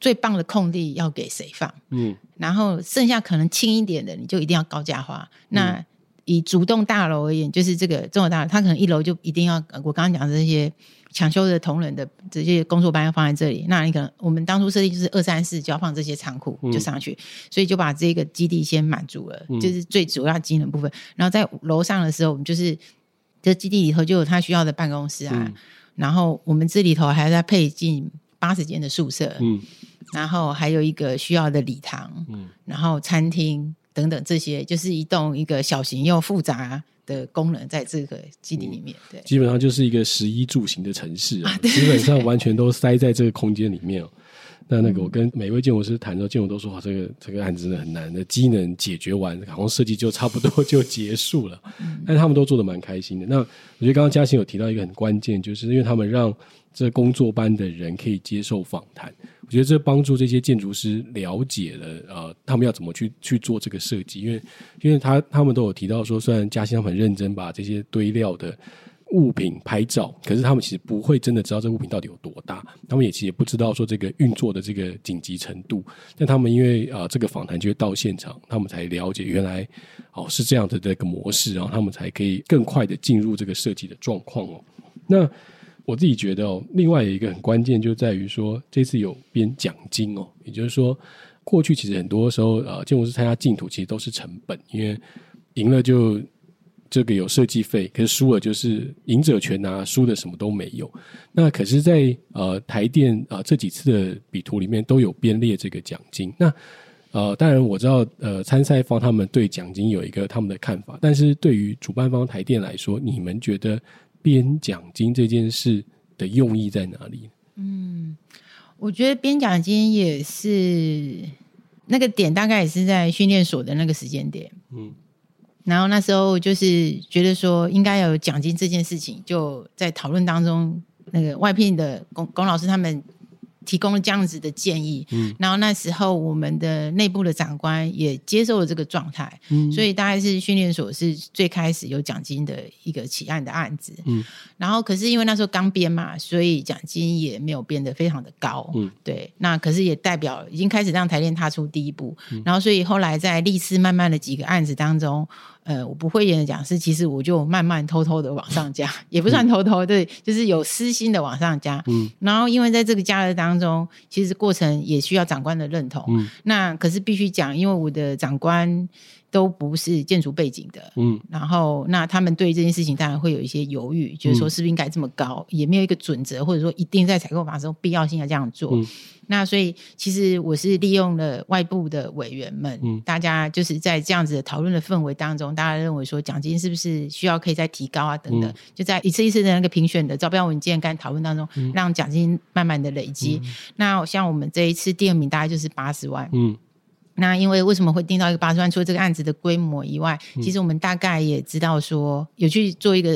最棒的空地要給誰放。嗯、然後剩下可能輕一點的，你就一定要高架化。嗯、那以主棟大樓而言，就是這個綜合大樓，它可能一樓就一定要我剛剛講的這些。搶修的同仁的這些工作班要放在這裡，那你可能我們當初設計就是二三四就要放這些倉庫就上去，嗯、所以就把這個基地先滿足了，嗯、就是最主要機能部分。然後在樓上的時候，我們就是這基地裡頭就有他需要的辦公室啊，嗯、然後我們這裡頭還在配近八十間的宿舍，嗯，然後還有一個需要的禮堂，嗯，然後餐廳等等這些，就是一棟一個小型又複雜、啊。的功能在這個基地裡面，嗯、對，基本上就是一個食衣住行的城市、啊，啊、對，基本上完全都塞在這個空間裡面、啊。那那個，我跟每一位建築師談的時候，建築師都說：“這個這個案子真的很難。那、這個、機能解決完，然後設計就差不多就結束了。”但是他們都做得蠻開心的。那我覺得剛剛佳欣有提到一個很關鍵，就是因為他們讓這工作班的人可以接受訪談，我覺得這幫助這些建築師了解了啊、呃，他們要怎麼去去做這個設計。因為，因為他他們都有提到說，雖然佳欣很認真把這些堆料的。物品拍照，可是他們其實不會真的知道這物品到底有多大，他們也其實也不知道說這個運作的這個緊急程度。但他們因為啊、呃、這個訪談就會到現場，他們才了解原來哦是這樣子的這個模式，然後他們才可以更快的進入這個設計的狀況哦。那我自己覺得哦，另外有一個很關鍵就在於說，這次有編獎金哦，也就是說過去其實很多時候啊、呃、建築師參加競圖其實都是成本，因為贏了就。這個有設計費，可是輸了就是贏者全拿、啊，輸的什麼都沒有。那可是在，在呃台電啊、呃、這幾次的競圖裡面都有編列這個獎金。那呃，當然我知道呃參賽方他們對獎金有一個他們的看法，但是對於主辦方台電來說，你們覺得編獎金這件事的用意在哪裡？嗯，我覺得編獎金也是那個點，大概也是在訓練所的那個時間點。嗯。然後那時候就是覺得說應該有獎金這件事情，就在討論當中。那個外聘的龔龔老師他們。提供了這樣子的建議，嗯，然後那時候我們的內部的長官也接受了這個狀態，嗯，所以大概是訓練所是最開始有獎金的一個起案的案子，嗯，然後可是因為那時候剛編嘛，所以獎金也沒有變得非常的高，嗯，對，那可是也代表已經開始讓台電踏出第一步，嗯，然後所以後來在歷次慢慢的幾個案子當中。呃，我不諱言的講是，其實我就慢慢偷偷的往上加，也不算偷偷，嗯、對，就是有私心的往上加。嗯，然後因為在這個加的當中，其實過程也需要長官的認同。嗯、那可是必須講，因為我的長官。都不是建築背景的，嗯，然後那他們對這件事情當然會有一些猶豫，就是說是不是應該這麼高，嗯、也沒有一個準則，或者說一定在採購法中必要性要這樣做。嗯、那所以其實我是利用了外部的委員們，嗯、大家就是在這樣子的討論的氛圍當中，大家認為說獎金是不是需要可以再提高啊等等，嗯、就在一次一次的那個評選的招標文件跟討論當中，嗯、讓獎金慢慢的累積。嗯、那像我們這一次第二名大概就是八十萬，嗯。那因為為什麼會定到一個八十萬？除了這個案子的規模以外，嗯、其實我們大概也知道說，有去做一個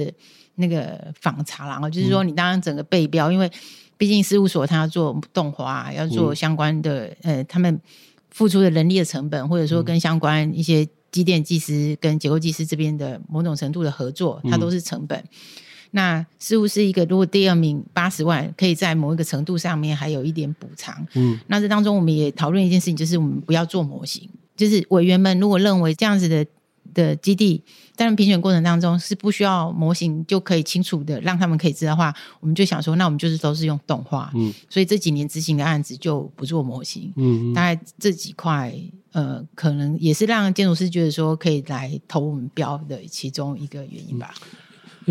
那個訪查了。然後就是說，你當然整個備標，嗯、因為畢竟事務所他要做動畫，要做相關的，嗯、呃，他們付出的人力的成本，或者說跟相關一些機電技師、跟結構技師這邊的某種程度的合作，它、嗯、都是成本。那似乎是一個，如果第二名八十萬，可以在某一個程度上面還有一點補償。嗯，那這當中我們也討論一件事情，就是我們不要做模型。就是委員們如果認為這樣子的的基地，在評選過程當中是不需要模型就可以清楚的讓他們可以知道的話，我們就想說，那我們就是都是用動畫。嗯，所以這幾年執行的案子就不做模型。嗯，嗯，大概這幾塊，呃，可能也是讓建築師覺得說可以來投我們標的其中一個原因吧。嗯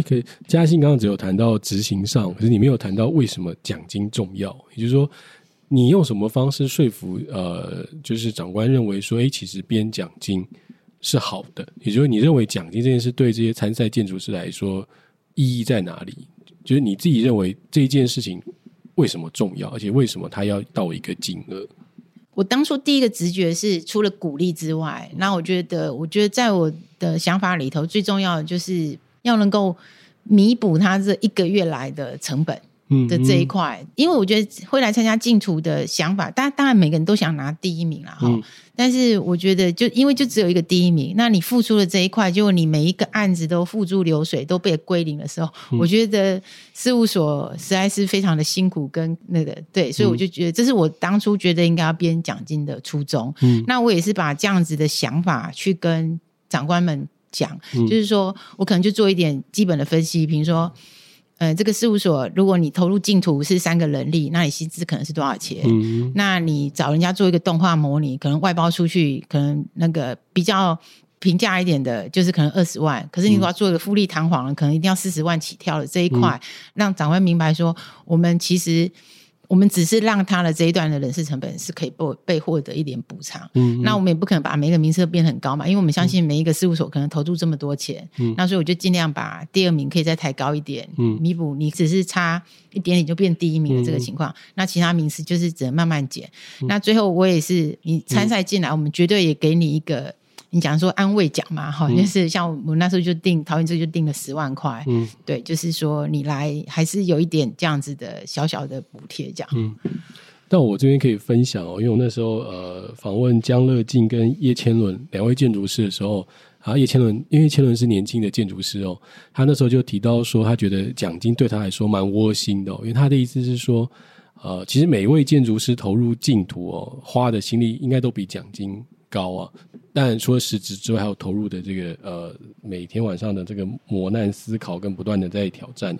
可以，佳欣、欸、剛剛只有談到執行上，可是你沒有談到為什麼獎金重要。也就是說，你用什麼方式說服呃，就是長官認為說，哎、欸，其實編獎金是好的。也就是說，你認為獎金這件事對這些參賽建築師來說意義在哪裡？就是你自己認為這一件事情為什麼重要，而且為什麼他要到一個金額？我當初第一個直覺是除了鼓勵之外，那我覺得，我覺得在我的想法裡頭，最重要的就是。要能夠彌補他這一個月來的成本，嗯的這一塊，因為我覺得會來參加競圖的想法，當當然每個人都想拿第一名啦，哈。但是我覺得，就因為就只有一個第一名，那你付出了這一塊，就你每一個案子都付諸流水都被歸零的時候，我覺得事務所實在是非常的辛苦，跟那個對，所以我就覺得這是我當初覺得應該要編獎金的初衷。嗯，那我也是把這樣子的想法去跟長官們。講，就是說我可能就做一點基本的分析，比如說，呃，這個事務所，如果你投入競圖是三個人力，那你薪資可能是多少錢？嗯、那你找人家做一個動畫模擬，可能外包出去，可能那個比較平價一點的，就是可能二十萬，可是你如果要做一個富麗堂皇，可能一定要四十萬起跳了。這一塊、嗯、讓長官明白說，我們其實。我們只是讓他的這一段的人事成本是可以被被獲得一點補償，嗯，嗯，那我們也不可能把每個名次都變很高嘛，因為我們相信每一個事務所可能投入這麼多錢，嗯，那所以我就盡量把第二名可以再抬高一點，嗯，彌補你只是差一點點就變第一名的這個情況，嗯嗯，那其他名次就是只能慢慢減。嗯，那最後我也是，你參賽進來，我們絕對也給你一個。你講說安慰獎嘛，哈、嗯，就是像我那時候就定桃園，這就定了十萬塊，嗯，對，就是說你來還是有一點這樣子的小小的補貼獎。嗯，但我這邊可以分享哦，因為我那時候呃訪問姜樂靜跟葉千倫兩位建築師的時候，啊葉千倫，因為千倫是年輕的建築師哦，他那時候就提到說他覺得獎金對他來說蠻窩心的、哦，因為他的意思是說，呃，其實每位建築師投入競圖哦花的心力應該都比獎金高啊。但除了實質之外，還有投入的這個呃，每天晚上的這個磨難、思考跟不斷的在挑戰。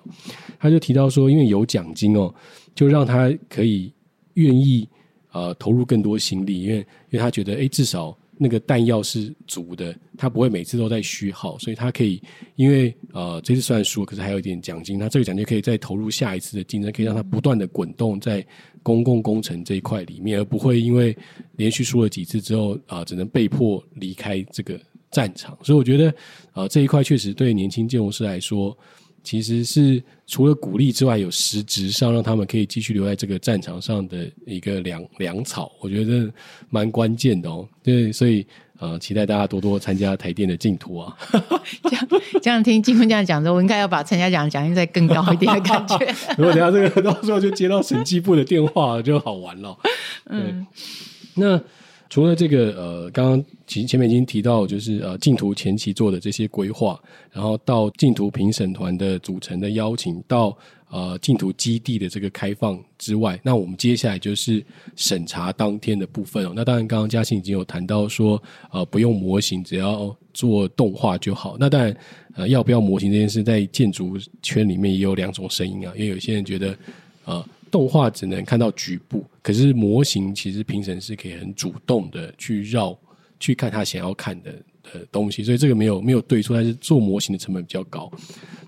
他就提到說，因為有獎金哦、喔，就讓他可以願意呃投入更多心力，因為因為他覺得，哎、欸，至少。那個彈藥是足的，他不會每次都在虛耗，所以他可以，因為呃這次算輸了，可是還有一點獎金，那這個獎金可以再投入下一次的競爭，可以讓它不斷的滾動在公共工程這一塊裡面，而不會因為連續輸了幾次之後啊、呃，只能被迫離開這個戰場。所以我覺得啊、呃、這一塊確實對年輕建築師來說。其實是除了鼓勵之外，有實質上讓他們可以繼續留在這個戰場上的一個糧糧草，我覺得這蠻關鍵的哦。對，所以呃，期待大家多多參加台電的競圖啊。 這樣這樣聽進坤這樣講說，我應該要把參加的獎獎金再更高一點的感覺。 如果等下這個到時候就接到審計部的電話， 就好玩了、哦。嗯，那。除了這個呃，剛剛前前面已經提到，就是呃，競圖前期做的這些規劃，然後到競圖評審團的組成的邀請，到呃競圖基地的這個開放之外，那我們接下來就是審查當天的部分哦。那當然，剛剛佳欣已經有談到說，呃，不用模型，只要做動畫就好。那當然，呃，要不要模型這件事，在建築圈裡面也有兩種聲音啊，因為有些人覺得，啊、呃。動畫只能看到局部，可是模型其實評審是可以很主動的去繞去看他想要看的呃東西，所以這個沒有沒有對出來，但是做模型的成本比較高。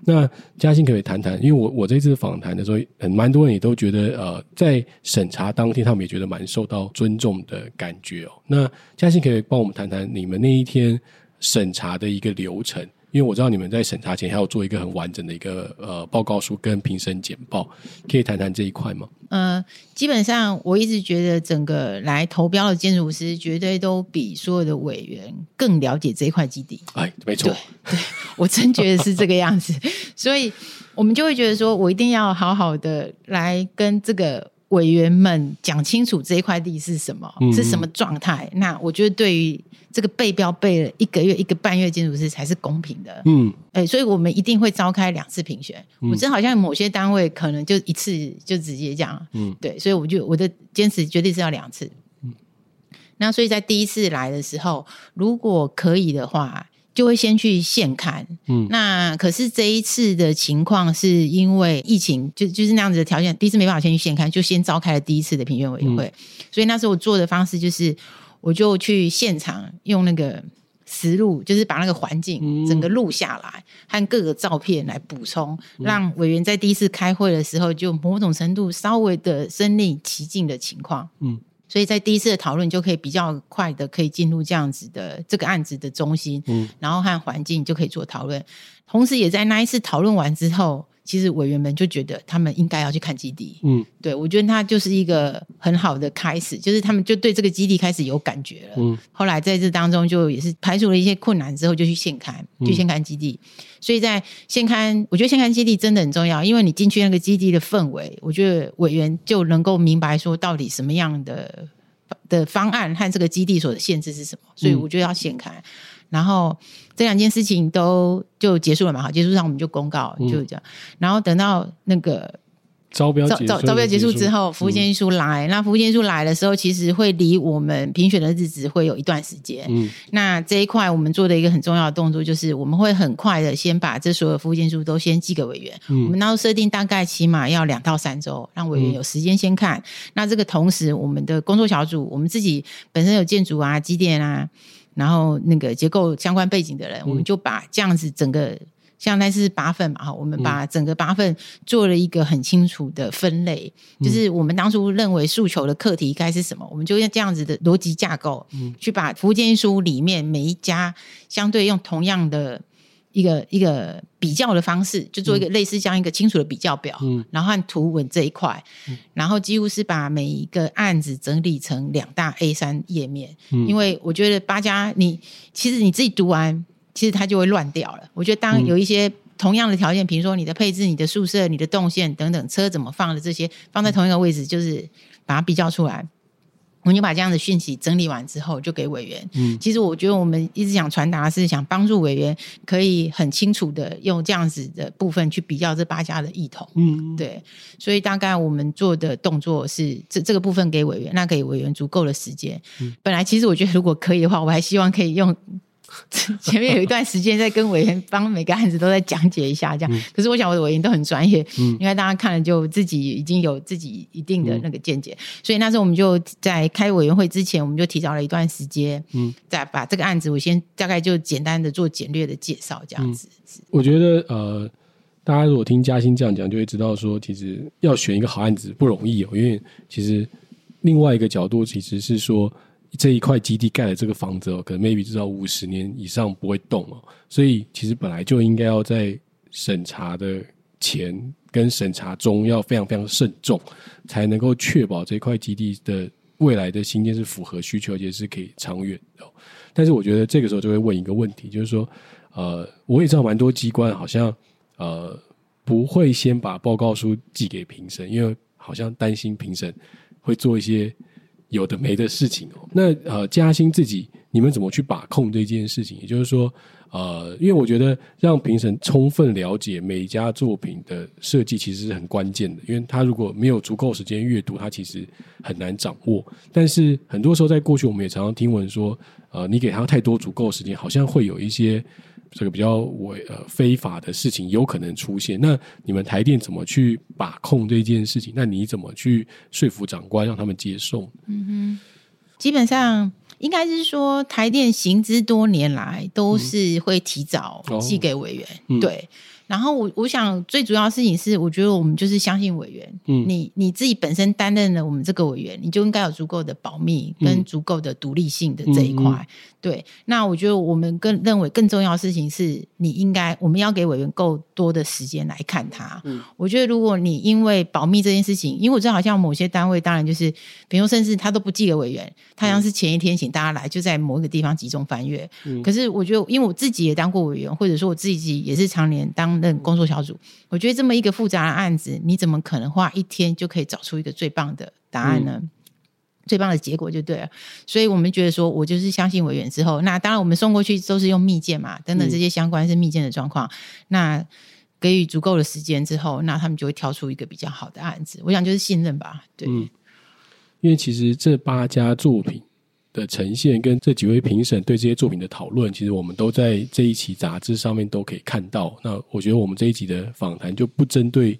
那佳欣可以談談，因為我我這次訪談的時候，蠻多人也都覺得呃在審查當天，他們也覺得蠻受到尊重的感覺哦。那佳欣可以幫我們談談你們那一天審查的一個流程，因為我知道你們在審查前還要做一個很完整的一個呃報告書跟評審簡報，可以談談這一塊嗎？呃，基本上我一直覺得整個來投標的建築師絕對都比所有的委員更了解這一塊基地。哎，沒錯，對，對，我真覺得是這個樣子， 所以我們就會覺得說我一定要好好的來跟這個。委員們講清楚這一塊地是什麼，嗯嗯是什麼狀態。那我覺得對於這個備標備了一個月，一個半月，建築師才是公平的。嗯，哎、欸，所以我們一定會召開兩次評選。我覺得好像某些單位可能就一次就直接講，嗯，對，所以我就我的堅持絕對是要兩次。嗯，那所以在第一次來的時候，如果可以的話。就會先去現勘，嗯，那可是這一次的情況是因為疫情，就就是那樣子的條件，第一次沒辦法先去現勘，就先召開了第一次的評選委員會，嗯、所以那時候我做的方式就是，我就去現場用那個實錄，就是把那個環境整個錄下來，嗯、和各個照片來補充，嗯、讓委員在第一次開會的時候，就某種程度稍微的身臨其境的情況，嗯。所以在第一次的討論就可以比較快的可以進入這樣子的這個案子的中心，嗯、然後和環境就可以做討論，同時也在那一次討論完之後。其實委員們就覺得他們應該要去看基地，嗯，對我覺得他就是一個很好的開始，就是他們就對這個基地開始有感覺了。嗯，後來在這當中就也是排除了一些困難之後就刊、就去現勘，就現勘基地。嗯、所以在現勘，我覺得現勘基地真的很重要，因為你進去那個基地的氛圍，我覺得委員就能夠明白說到底什麼樣的的方案和這個基地所的限制是什麼，所以我就要現勘。嗯然後這兩件事情都就結束了嘛？好，結束上我們就公告，嗯、就這樣。然後等到那個招標招招，招招標結，結束之後，服務建議書來。那服務建議書來的時候，其實會離我們評選的日子會有一段時間。嗯，那這一塊我們做的一個很重要的動作，就是我們會很快的先把這所有服務建議書都先寄給委員。嗯、我們然後設定大概起碼要兩到三周，讓委員有時間先看。嗯、那這個同時，我們的工作小組，我們自己本身有建築啊、機電啊。然後那個結構相關背景的人，我們就把這樣子整個，相當於是八份嘛哈，我們把整個八份做了一個很清楚的分類，嗯、就是我們當初認為訴求的課題該是什麼，我們就用這樣子的邏輯架構、嗯、去把服務建議書裡面每一家相對用同樣的。一個一個比較的方式，就做一個類似像一個清楚的比較表，嗯、然後按圖文這一塊，嗯、然後幾乎是把每一個案子整理成兩大 A3 頁面，嗯、因為我覺得八家你其實你自己讀完，其實它就會亂掉了。我覺得當有一些同樣的條件，嗯、比如說你的配置、你的宿舍、你的動線等等，車怎麼放的這些放在同一個位置，就是把它比較出來。我們就把這樣的訊息整理完之後，就給委員。嗯，其實我覺得我們一直想傳達的是想幫助委員可以很清楚的用這樣子的部分去比較這八家的異同。嗯，嗯，對，所以大概我們做的動作是這這個部分給委員，那給委員足夠的時間。嗯，本來其實我覺得如果可以的話，我還希望可以用。 前面有一段時間在跟委員幫每個案子都在講解一下，這樣。可是我想，我的委員都很專業，因為大家看了就自己已經有自己一定的那個見解。所以那時候我們就在開委員會之前，我們就提早了一段時間，嗯，再把這個案子我先大概就簡單的做簡略的介紹，這樣子。嗯、是的 我覺得呃，大家如果聽佳欣這樣講，就會知道說，其實要選一個好案子不容易，哦，因為其實另外一個角度其實是說。這一塊基地蓋了這個房子，可能 maybe 至少五十年以上不會動哦。所以其實本來就應該要在審查的前跟審查中要非常非常慎重，才能夠確保這塊基地的未來的新建是符合需求，也是可以長遠。但是我覺得這個時候就會問一個問題，就是說，呃，我也知道蠻多機關好像呃不會先把報告書寄給評審，因為好像擔心評審會做一些。有的沒的事情哦，那呃，佳欣自己你們怎麼去把控這件事情？也就是說，呃，因為我覺得讓評審充分了解每一家作品的設計其實是很關鍵的，因為他如果沒有足夠時間閱讀，他其實很難掌握。但是很多時候，在過去我們也常常聽聞說，呃，你給他太多足夠時間，好像會有一些。這個比較違呃，非法的事情有可能出現，那你們台電怎麼去把控這件事情？那你怎麼去說服長官讓他們接受？嗯哼，基本上應該是說台電行之多年來都是會提早寄給委員，嗯哦嗯、對。然後我我想最主要的事情是，我覺得我們就是相信委員，嗯、你你自己本身擔任了我們這個委員，你就應該有足夠的保密跟足夠的獨立性的這一塊。嗯嗯嗯、對，那我覺得我們更認為更重要的事情是，你應該我們要給委員夠多的時間來看他。嗯、我覺得如果你因為保密這件事情，因為我知道好像某些單位當然就是，比如說甚至他都不寄給委員，他像是前一天請大家來，就在某一個地方集中翻閱。嗯、可是我覺得，因為我自己也當過委員，或者說我自己也是常年當。的工作小組，我覺得這麼一個複雜的案子，你怎麼可能花一天就可以找出一個最棒的答案呢？嗯、最棒的結果就對了。所以我們覺得說，我就是相信委員之後，那當然我們送過去都是用密件嘛，等等這些相關是密件的狀況，嗯、那給予足夠的時間之後，那他們就會挑出一個比較好的案子。我想就是信任吧，對。嗯、因為其實這八家作品。的呈現跟這幾位評審對這些作品的討論，其實我們都在這一期雜誌上面都可以看到。那我覺得我們這一集的訪談就不針對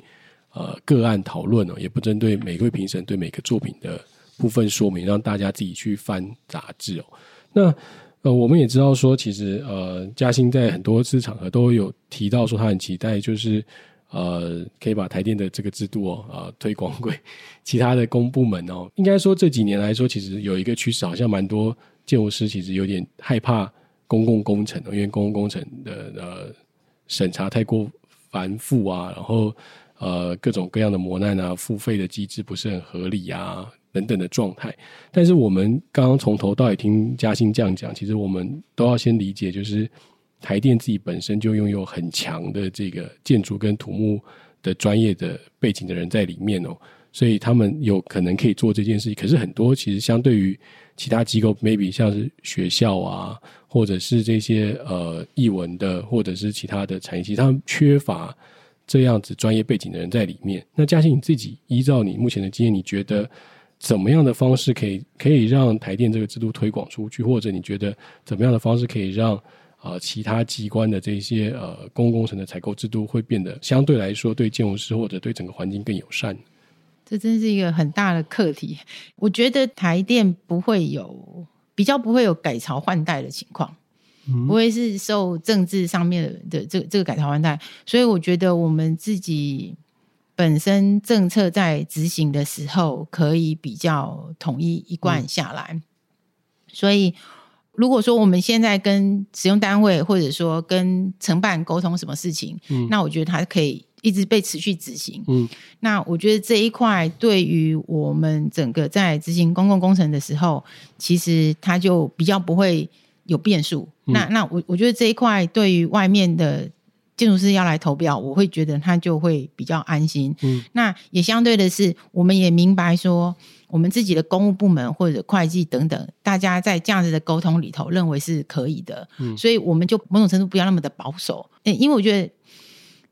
呃個案討論了，也不針對每位評審對每個作品的部分說明，讓大家自己去翻雜誌哦。那呃，我們也知道說，其實呃，佳欣在很多次場合都有提到說，他很期待就是。呃，可以把台電的這個制度哦，啊、呃，推廣給其他的公部門哦。應該說這幾年來說，其實有一個趨勢，好像蠻多建築師其實有點害怕公共工程，因為公共工程的呃審查太過繁複啊，然後呃各種各樣的磨難啊，付費的機制不是很合理啊等等的狀態。但是我們剛剛從頭到尾聽佳欣這樣講，其實我們都要先理解，就是。台電自己本身就擁有很強的這個建築跟土木的專業的背景的人在裡面哦，所以他們有可能可以做這件事情。可是很多其實相對於其他機構，maybe 像是學校啊，或者是這些呃藝文的，或者是其他的產業其實，他們缺乏這樣子專業背景的人在裡面。那佳欣，你自己依照你目前的經驗，你覺得怎麼樣的方式可以可以讓台電這個制度推廣出去，或者你覺得怎麼樣的方式可以讓？啊、呃，其他機關的這些呃公共工程的採購制度會變得相對來說對建築師或者對整個環境更友善。這真是一個很大的課題。我覺得台電不會有比較不會有改朝換代的情況，嗯、不會是受政治上面的這這個改朝換代。所以我覺得我們自己本身政策在執行的時候，可以比較統一一貫下來。嗯、所以。如果說我們現在跟使用單位，或者說跟承辦溝通什麼事情，嗯、那我覺得它可以一直被持續執行。嗯，那我覺得這一塊對於我們整個在執行公共工程的時候，其實它就比較不會有變數。嗯、那那我我覺得這一塊對於外面的建築師要來投標，我會覺得他就會比較安心。嗯，那也相對的是，我們也明白說。我們自己的公務部門或者會計等等，大家在這樣子的溝通裡頭認為是可以的，嗯，所以我們就某種程度不要那麼的保守，因為我覺得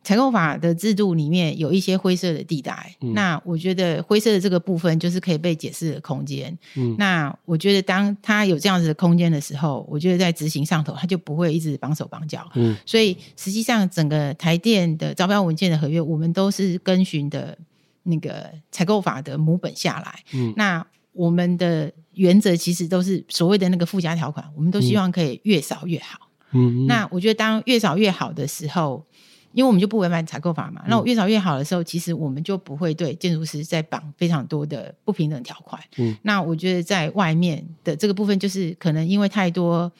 採購法的制度裡面有一些灰色的地帶，嗯，那我覺得灰色的這個部分就是可以被解釋的空間，嗯，那我覺得當它有這樣子的空間的時候，我覺得在執行上頭它就不會一直綁手綁腳，嗯，所以實際上整個台電的招標文件的合約，我們都是遵循的。那個採購法的母本下來，嗯、那我們的原則其實都是所謂的那個附加條款，我們都希望可以越少越好。嗯，嗯嗯，那我覺得當越少越好的時候，因為我們就不違反採購法嘛。嗯、那我越少越好的時候，其實我們就不會對建築師在綁非常多的不平等條款。嗯，那我覺得在外面的這個部分，就是可能因為太多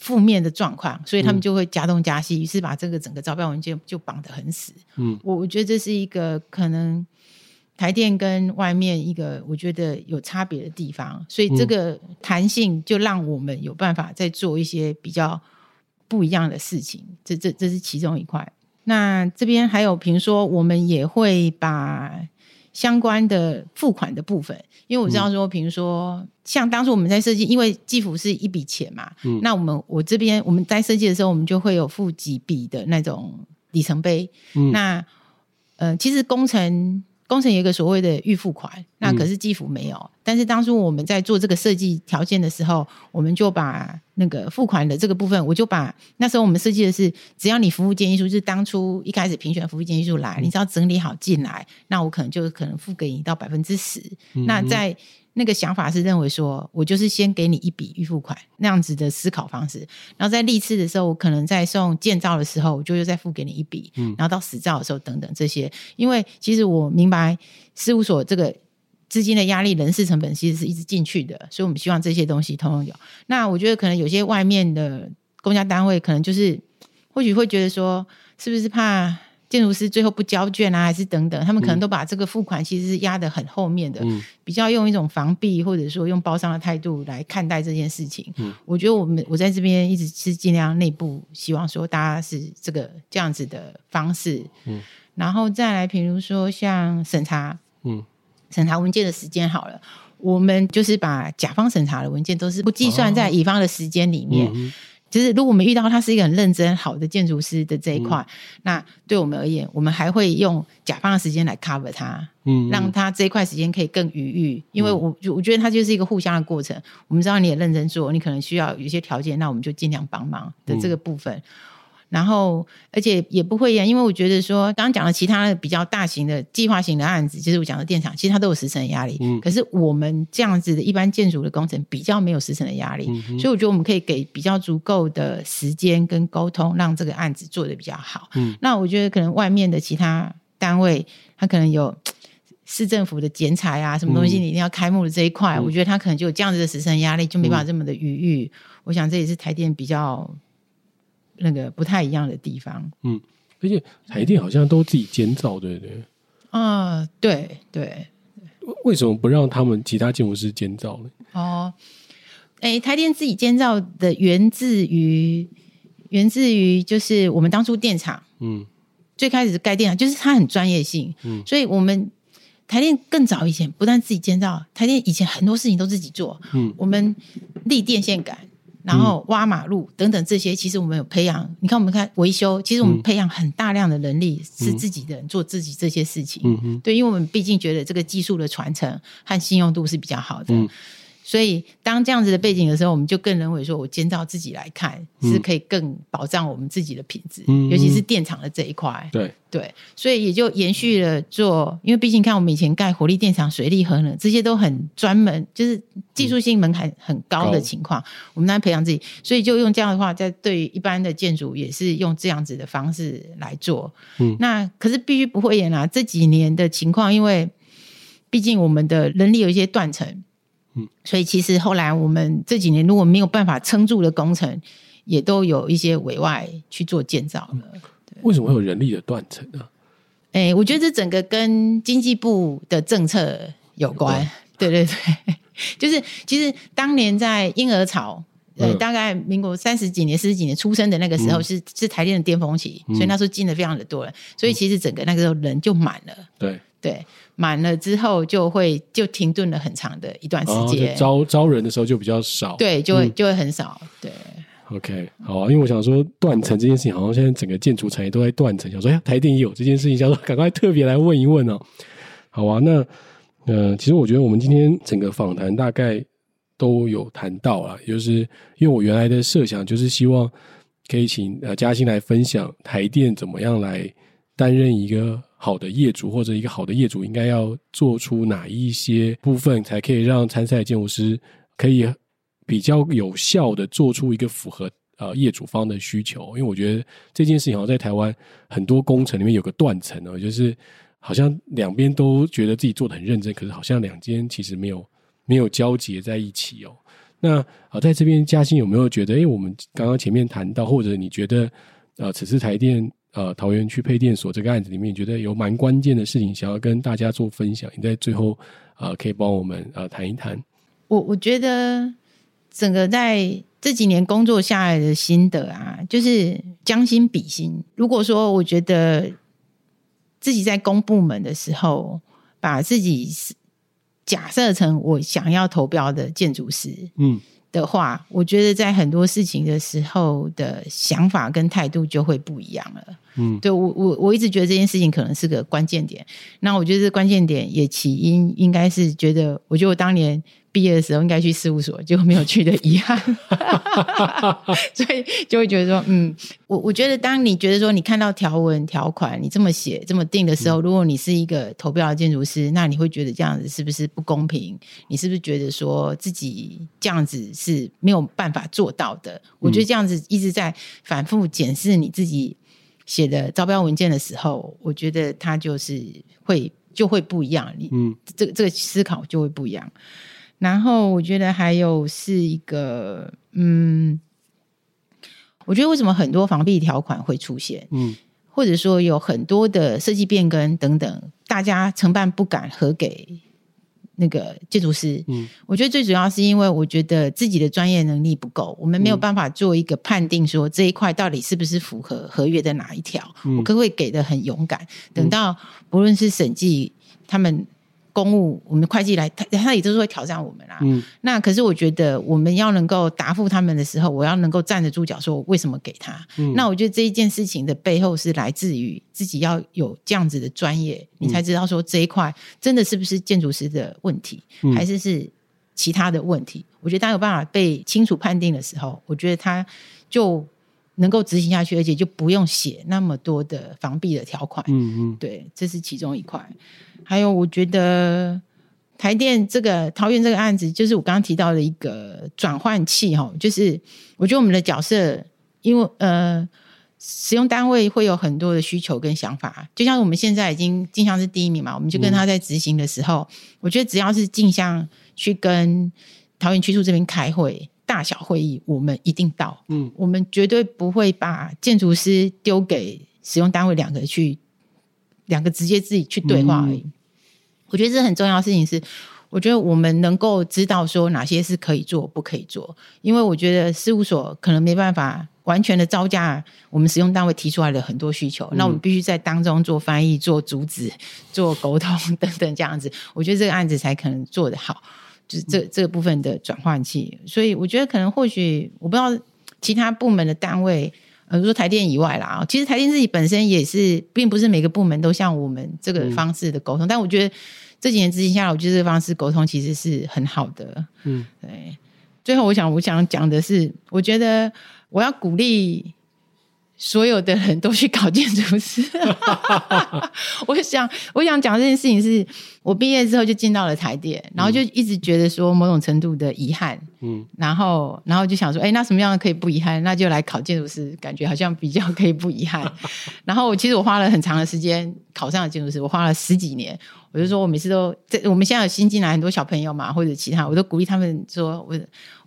負面的狀況，所以他們就會加東加西，於、嗯、是把這個整個招標文件就綁得很死。嗯，我我覺得這是一個可能。台電跟外面一個，我覺得有差別的地方，所以這個彈性就讓我們有辦法再做一些比較不一樣的事情。這這這是其中一塊。那這邊還有，比如說我們也會把相關的付款的部分，因為我知道說，比如說像當初我們在設計，因為技服是一筆錢嘛，嗯、那我們我這邊我們在設計的時候，我們就會有付幾筆的那種里程碑。嗯、那呃，其實工程。工程有一個所謂的預付款。那可是季付沒有，嗯、但是當初我們在做這個設計條件的時候，我們就把那個付款的這個部分，我就把那時候我們設計的是，只要你服務建議書是當初一開始評選服務建議書來，嗯、你只要整理好進來，那我可能就可能付給你到百分之十。嗯嗯，那在那個想法是認為說，我就是先給你一筆預付款那樣子的思考方式，然後在歷次的時候，我可能在送建照的時候，我就再付給你一筆，然後到使照的時候等等這些，嗯、因為其實我明白事務所這個。資金的壓力、人事成本其實是一直進去的，所以我們希望這些東西通通有。那我覺得可能有些外面的公家單位，可能就是或許會覺得說，是不是怕建築師最後不交卷啊，還是等等？他們可能都把這個付款其實是壓得很後面的，嗯、比較用一種防備或者說用包商的態度來看待這件事情。嗯、我覺得我們我在這邊一直是盡量內部希望說大家是這個這樣子的方式。嗯、然後再來，譬如說像審查，嗯。審查文件的時間好了，我們就是把甲方審查的文件都是不計算在乙方的時間裡面。哦嗯嗯、就是如果我們遇到他是一個很認真、好的建築師的這一塊，嗯、那對我們而言，我們還會用甲方的時間來 cover 他，嗯，讓他這一塊時間可以更餘裕。嗯、因為我我覺得他就是一個互相的過程。嗯、我們知道你也認真做，你可能需要有些條件，那我們就盡量幫忙的這個部分。嗯然後，而且也不會呀、啊。因為我覺得說，剛剛講的其他的比較大型的計劃型的案子，就是我講的電廠，其實它都有時程的壓力。嗯、可是我們這樣子的一般建築的工程，比較沒有時程的壓力，嗯、哼所以我覺得我們可以給比較足夠的時間跟溝通，讓這個案子做得比較好。嗯、那我覺得可能外面的其他單位，它可能有市政府的剪綵啊，什麼東西，嗯、你一定要開幕的這一塊，嗯、我覺得它可能就有這樣子的時程壓力，就沒辦法這麼的餘裕。嗯、我想這也是台電比較。那個不太一樣的地方，嗯，而且台電好像都自己監造，嗯、對,對對，啊、呃，對對，為什麼不讓他們其他建築師監造呢？哦，哎、欸，台電自己監造的源自於源自於，就是我們當初電廠，嗯，最開始蓋電廠，就是它很專業性，嗯，所以我們台電更早以前不但自己監造，台電以前很多事情都自己做，嗯，我們立電線桿。然後挖馬路等等這些，嗯、其實我們有培養。你看，我們看維修，其實我們培養很大量的人力，嗯、是自己的人做自己這些事情。嗯嗯哼，對，因為我們畢竟覺得這個技術的傳承和信用度是比較好的。嗯所以，當這樣子的背景的時候，我們就更認為說，我建造自己來看，嗯、是可以更保障我們自己的品質，嗯嗯，尤其是電廠的這一塊。對對，所以也就延續了做，因為畢竟看我們以前蓋火力電廠、水力、核能這些都很專門，就是技術性門檻很高的情況，嗯、我們來培養自己，所以就用這樣的話，在對於一般的建築也是用這樣子的方式來做。嗯，那可是必須不會演啦，這幾年的情況，因為畢竟我們的人力有一些斷層。所以其實後來我們這幾年如果沒有辦法撐住的工程，也都有一些委外去做建造了。為什麼會有人力的斷層呢？哎、欸，我覺得這整個跟經濟部的政策有關。嗯、對對對， 就是其實當年在嬰兒潮，呃，嗯、大概民國三十幾年、四十幾年出生的那個時候是，是、嗯、是台電的巔峰期，所以那時候進的非常的多，嗯、所以其實整個那個時候人就滿了、嗯。對。對，滿了之後就會就停頓了很長的一段時間。啊、招招人的時候就比較少，對，就會、嗯、就會很少。對，OK，好啊，因為我想說斷層這件事情，好像現在整個建築產業都在斷層。想說，哎，台電也有這件事情，想說趕快特別來問一問哦。好啊，那、呃、其實我覺得我們今天整個訪談大概都有談到啊，就是因為我原來的設想就是希望可以請呃佳欣來分享台電怎麼樣來擔任一個。好的業主或者一個好的業主，應該要做出哪一些部分，才可以讓參賽建築師可以比較有效的做出一個符合呃業主方的需求？因為我覺得這件事情好像在台灣很多工程裡面有個斷層哦，就是好像兩邊都覺得自己做得很認真，可是好像兩邊其實沒有沒有交集在一起哦。那好、呃，在這邊佳欣有沒有覺得？誒，我們剛剛前面談到，或者你覺得呃，此次台電，呃，桃園區配電所這個案子裡面，覺得有蠻關鍵的事情，想要跟大家做分享。你在最後呃可以幫我們呃談一談。我我覺得整個在這幾年工作下來的心得啊，就是將心比心。如果說我覺得自己在公部門的時候，把自己假設成我想要投標的建築師，嗯的話，嗯、我覺得在很多事情的時候的想法跟態度就會不一樣了。嗯，對我我我一直覺得這件事情可能是個關鍵點。那我覺得這關鍵點也起因應該是覺得，我覺得我當年畢業的時候應該去事務所，就沒有去的遺憾， 所以就會覺得說，嗯，我我覺得當你覺得說你看到條文條款，你這麼寫這麼定的時候，如果你是一個投標的建築師，嗯、那你會覺得這樣子是不是不公平？你是不是覺得說自己這樣子是沒有辦法做到的？嗯、我覺得這樣子一直在反覆檢視你自己。寫的招標文件的時候，我覺得他就是會就會不一樣，你嗯，這個這個思考就會不一樣。然後我覺得還有是一個，嗯，我覺得為什麼很多防弊條款會出現，嗯，或者說有很多的設計變更等等，大家承辦不敢核給。那個建築師，嗯、我覺得最主要是因為我覺得自己的專業能力不夠，我們沒有辦法做一個判定，說這一塊到底是不是符合合約的哪一條。嗯、我可不可以給的很勇敢，等到不論是審計他們。公務，我們會計來，他他也就是會挑戰我們啦、啊。嗯，那可是我覺得我們要能夠答復他們的時候，我要能夠站得住腳，說我為什麼給他？嗯、那我覺得這一件事情的背後是來自於自己要有這樣子的專業，你才知道說這一塊真的是不是建築師的問題，嗯、還是是其他的問題？我覺得他有辦法被清楚判定的時候，我覺得他就能夠執行下去，而且就不用寫那麼多的防弊的條款。嗯嗯，對，這是其中一塊。還有，我覺得台電這個桃園這個案子，就是我剛剛提到的一個轉換器哈，就是我覺得我們的角色，因為呃，使用單位會有很多的需求跟想法。就像我們現在已經鏡像，是第一名嘛，我們就跟他在執行的時候，嗯，我覺得只要是鏡像去跟桃園區處這邊開會。大小會議我們一定到，嗯，我們絕對不會把建築師丟給使用單位兩個去，兩個直接自己去對話而已。嗯，我覺得這很重要的事情是，是我覺得我們能夠知道說哪些是可以做，不可以做，因為我覺得事務所可能沒辦法完全的招架我們使用單位提出來的很多需求，嗯，那我們必須在當中做翻譯、做阻止、做溝通等等這樣子，我覺得這個案子才可能做得好。就是這、嗯、這個部分的轉換器，所以我覺得可能或許我不知道其他部門的單位，呃，比如說台電以外啦，其實台電自己本身也是，並不是每個部門都像我們這個方式的溝通。嗯、但我覺得這幾年執行下來，我覺得這個方式溝通其實是很好的。嗯，對。最後我想，我想講的是，我覺得我要鼓勵所有的人都去搞建築師。 我想，我想講這件事情是。我畢業之後就進到了台電，然後就一直覺得說某種程度的遺憾，嗯，然後然後就想說，哎、欸，那什麼樣的可以不遺憾？那就來考建築師，感覺好像比較可以不遺憾。 然後我其實我花了很長的時間考上了建築師，我花了十幾年。我就說我每次都，在我們現在有新進來很多小朋友嘛，或者其他，我都鼓勵他們說，我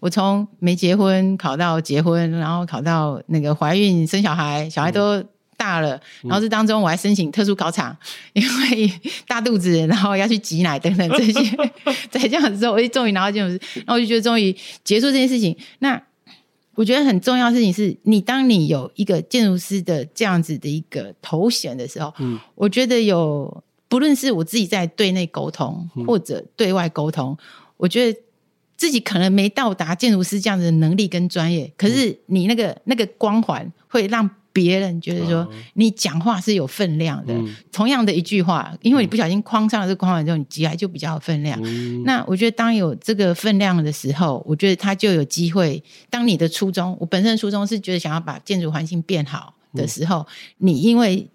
我從沒結婚考到結婚，然後考到那個懷孕生小孩，小孩都。嗯大了，然後這當中我還申請特殊考場，嗯、因為大肚子，然後要去擠奶等等這些， 在這樣子之後，我就終於拿到建築師，然後我就覺得終於結束這件事情。那我覺得很重要的事情是，你當你有一個建築師的這樣子的一個頭銜的時候，嗯，我覺得有不論是我自己在對內溝通、嗯、或者對外溝通，我覺得自己可能沒到達建築師這樣子的能力跟專業，可是你那個、嗯、那個光環會讓。別人覺得說，你講話是有分量的。嗯、同樣的一句話，因為你不小心框上了這個框框之後，你起來就比較有分量。嗯、那我覺得，當有這個分量的時候，我覺得他就有機會。當你的初衷，我本身初衷是覺得想要把建築環境變好的時候，嗯、你因為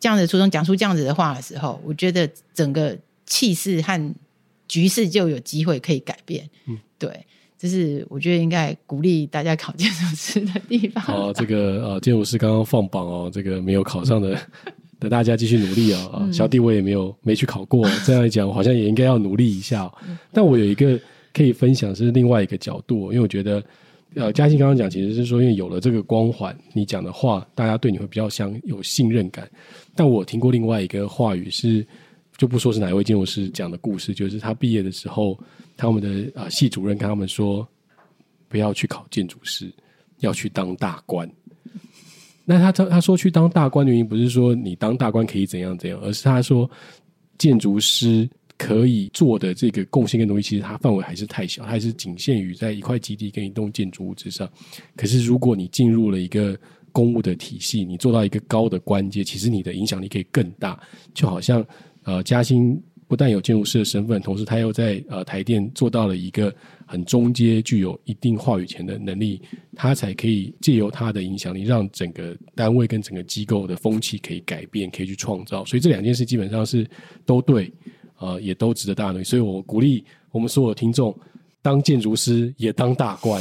這樣子的初衷講出這樣子的話的時候，我覺得整個氣勢和局勢就有機會可以改變。嗯、對。就是我覺得應該鼓勵大家考建築師的地方。好、啊，這個呃、啊，建築師剛剛放榜哦，這個沒有考上的，等 大家繼續努力哦。啊、小弟我也沒有沒去考過，哦， 這樣一講，我好像也應該要努力一下，哦。 但我有一個可以分享是另外一個角度，哦，因為我覺得呃，佳、啊、欣剛剛講其實是說，因為有了這個光環，你講的話，大家對你會比較相有信任感。但我聽過另外一個話語是，就不說是哪一位建築師講的故事，就是他畢業的時候。他們的啊系主任跟他們說，不要去考建築師，要去當大官。那他他他說去當大官的原因不是說你當大官可以怎樣怎樣，而是他說建築師可以做的這個貢獻跟東西，其實它範圍還是太小，它是僅限於在一塊基地跟一棟建築物之上。可是如果你進入了一個公務的體系，你做到一個高的官階，其實你的影響力可以更大。就好像呃，佳欣。不但有建築師的身份，同時他又在呃台電做到了一個很中階，具有一定話語權的能力，他才可以借由他的影響力，讓整個單位跟整個機構的風氣可以改變，可以去創造。所以這兩件事基本上是都對，呃，也都值得大家努力。所以我鼓勵我們所有聽眾，當建築師也當大官。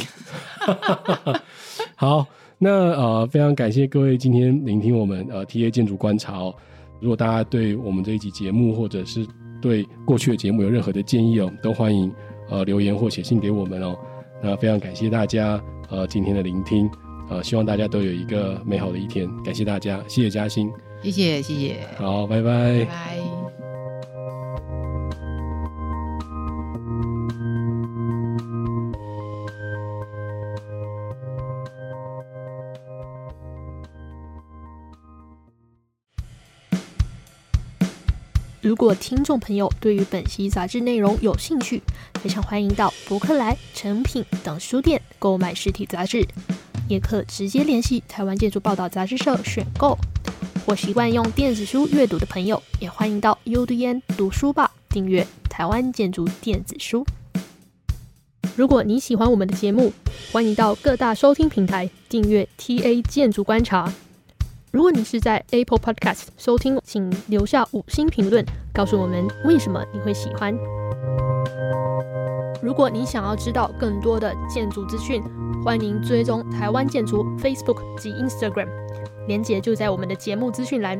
好，那呃，非常感謝各位今天聆聽我們呃 TA 建築觀察哦。如果大家對我們這一集節目或者是對過去的節目有任何的建議哦，都歡迎呃留言或寫信給我們哦。那非常感謝大家呃今天的聆聽，呃希望大家都有一個美好的一天。感謝大家，謝謝佳欣，謝謝謝謝，好，拜拜，拜，拜。如果聽眾朋友對於本期雜誌內容有興趣，非常歡迎到博客來、誠品等書店購買實體雜誌，也可直接聯繫台灣建築報道雜誌社選購。或習慣用電子書閱讀的朋友，也歡迎到 U D N 讀書吧訂閱臺灣建築電子書。如果你喜歡我們的節目，歡迎到各大收聽平台訂閱 T A 建築觀察。如果你是在 Apple Podcast 收聽，請留下五星評論，告訴我們為什麼你會喜歡。如果你想要知道更多的建築資訊，歡迎追蹤台灣建築 Facebook 及 Instagram，連結就在我們的節目資訊欄。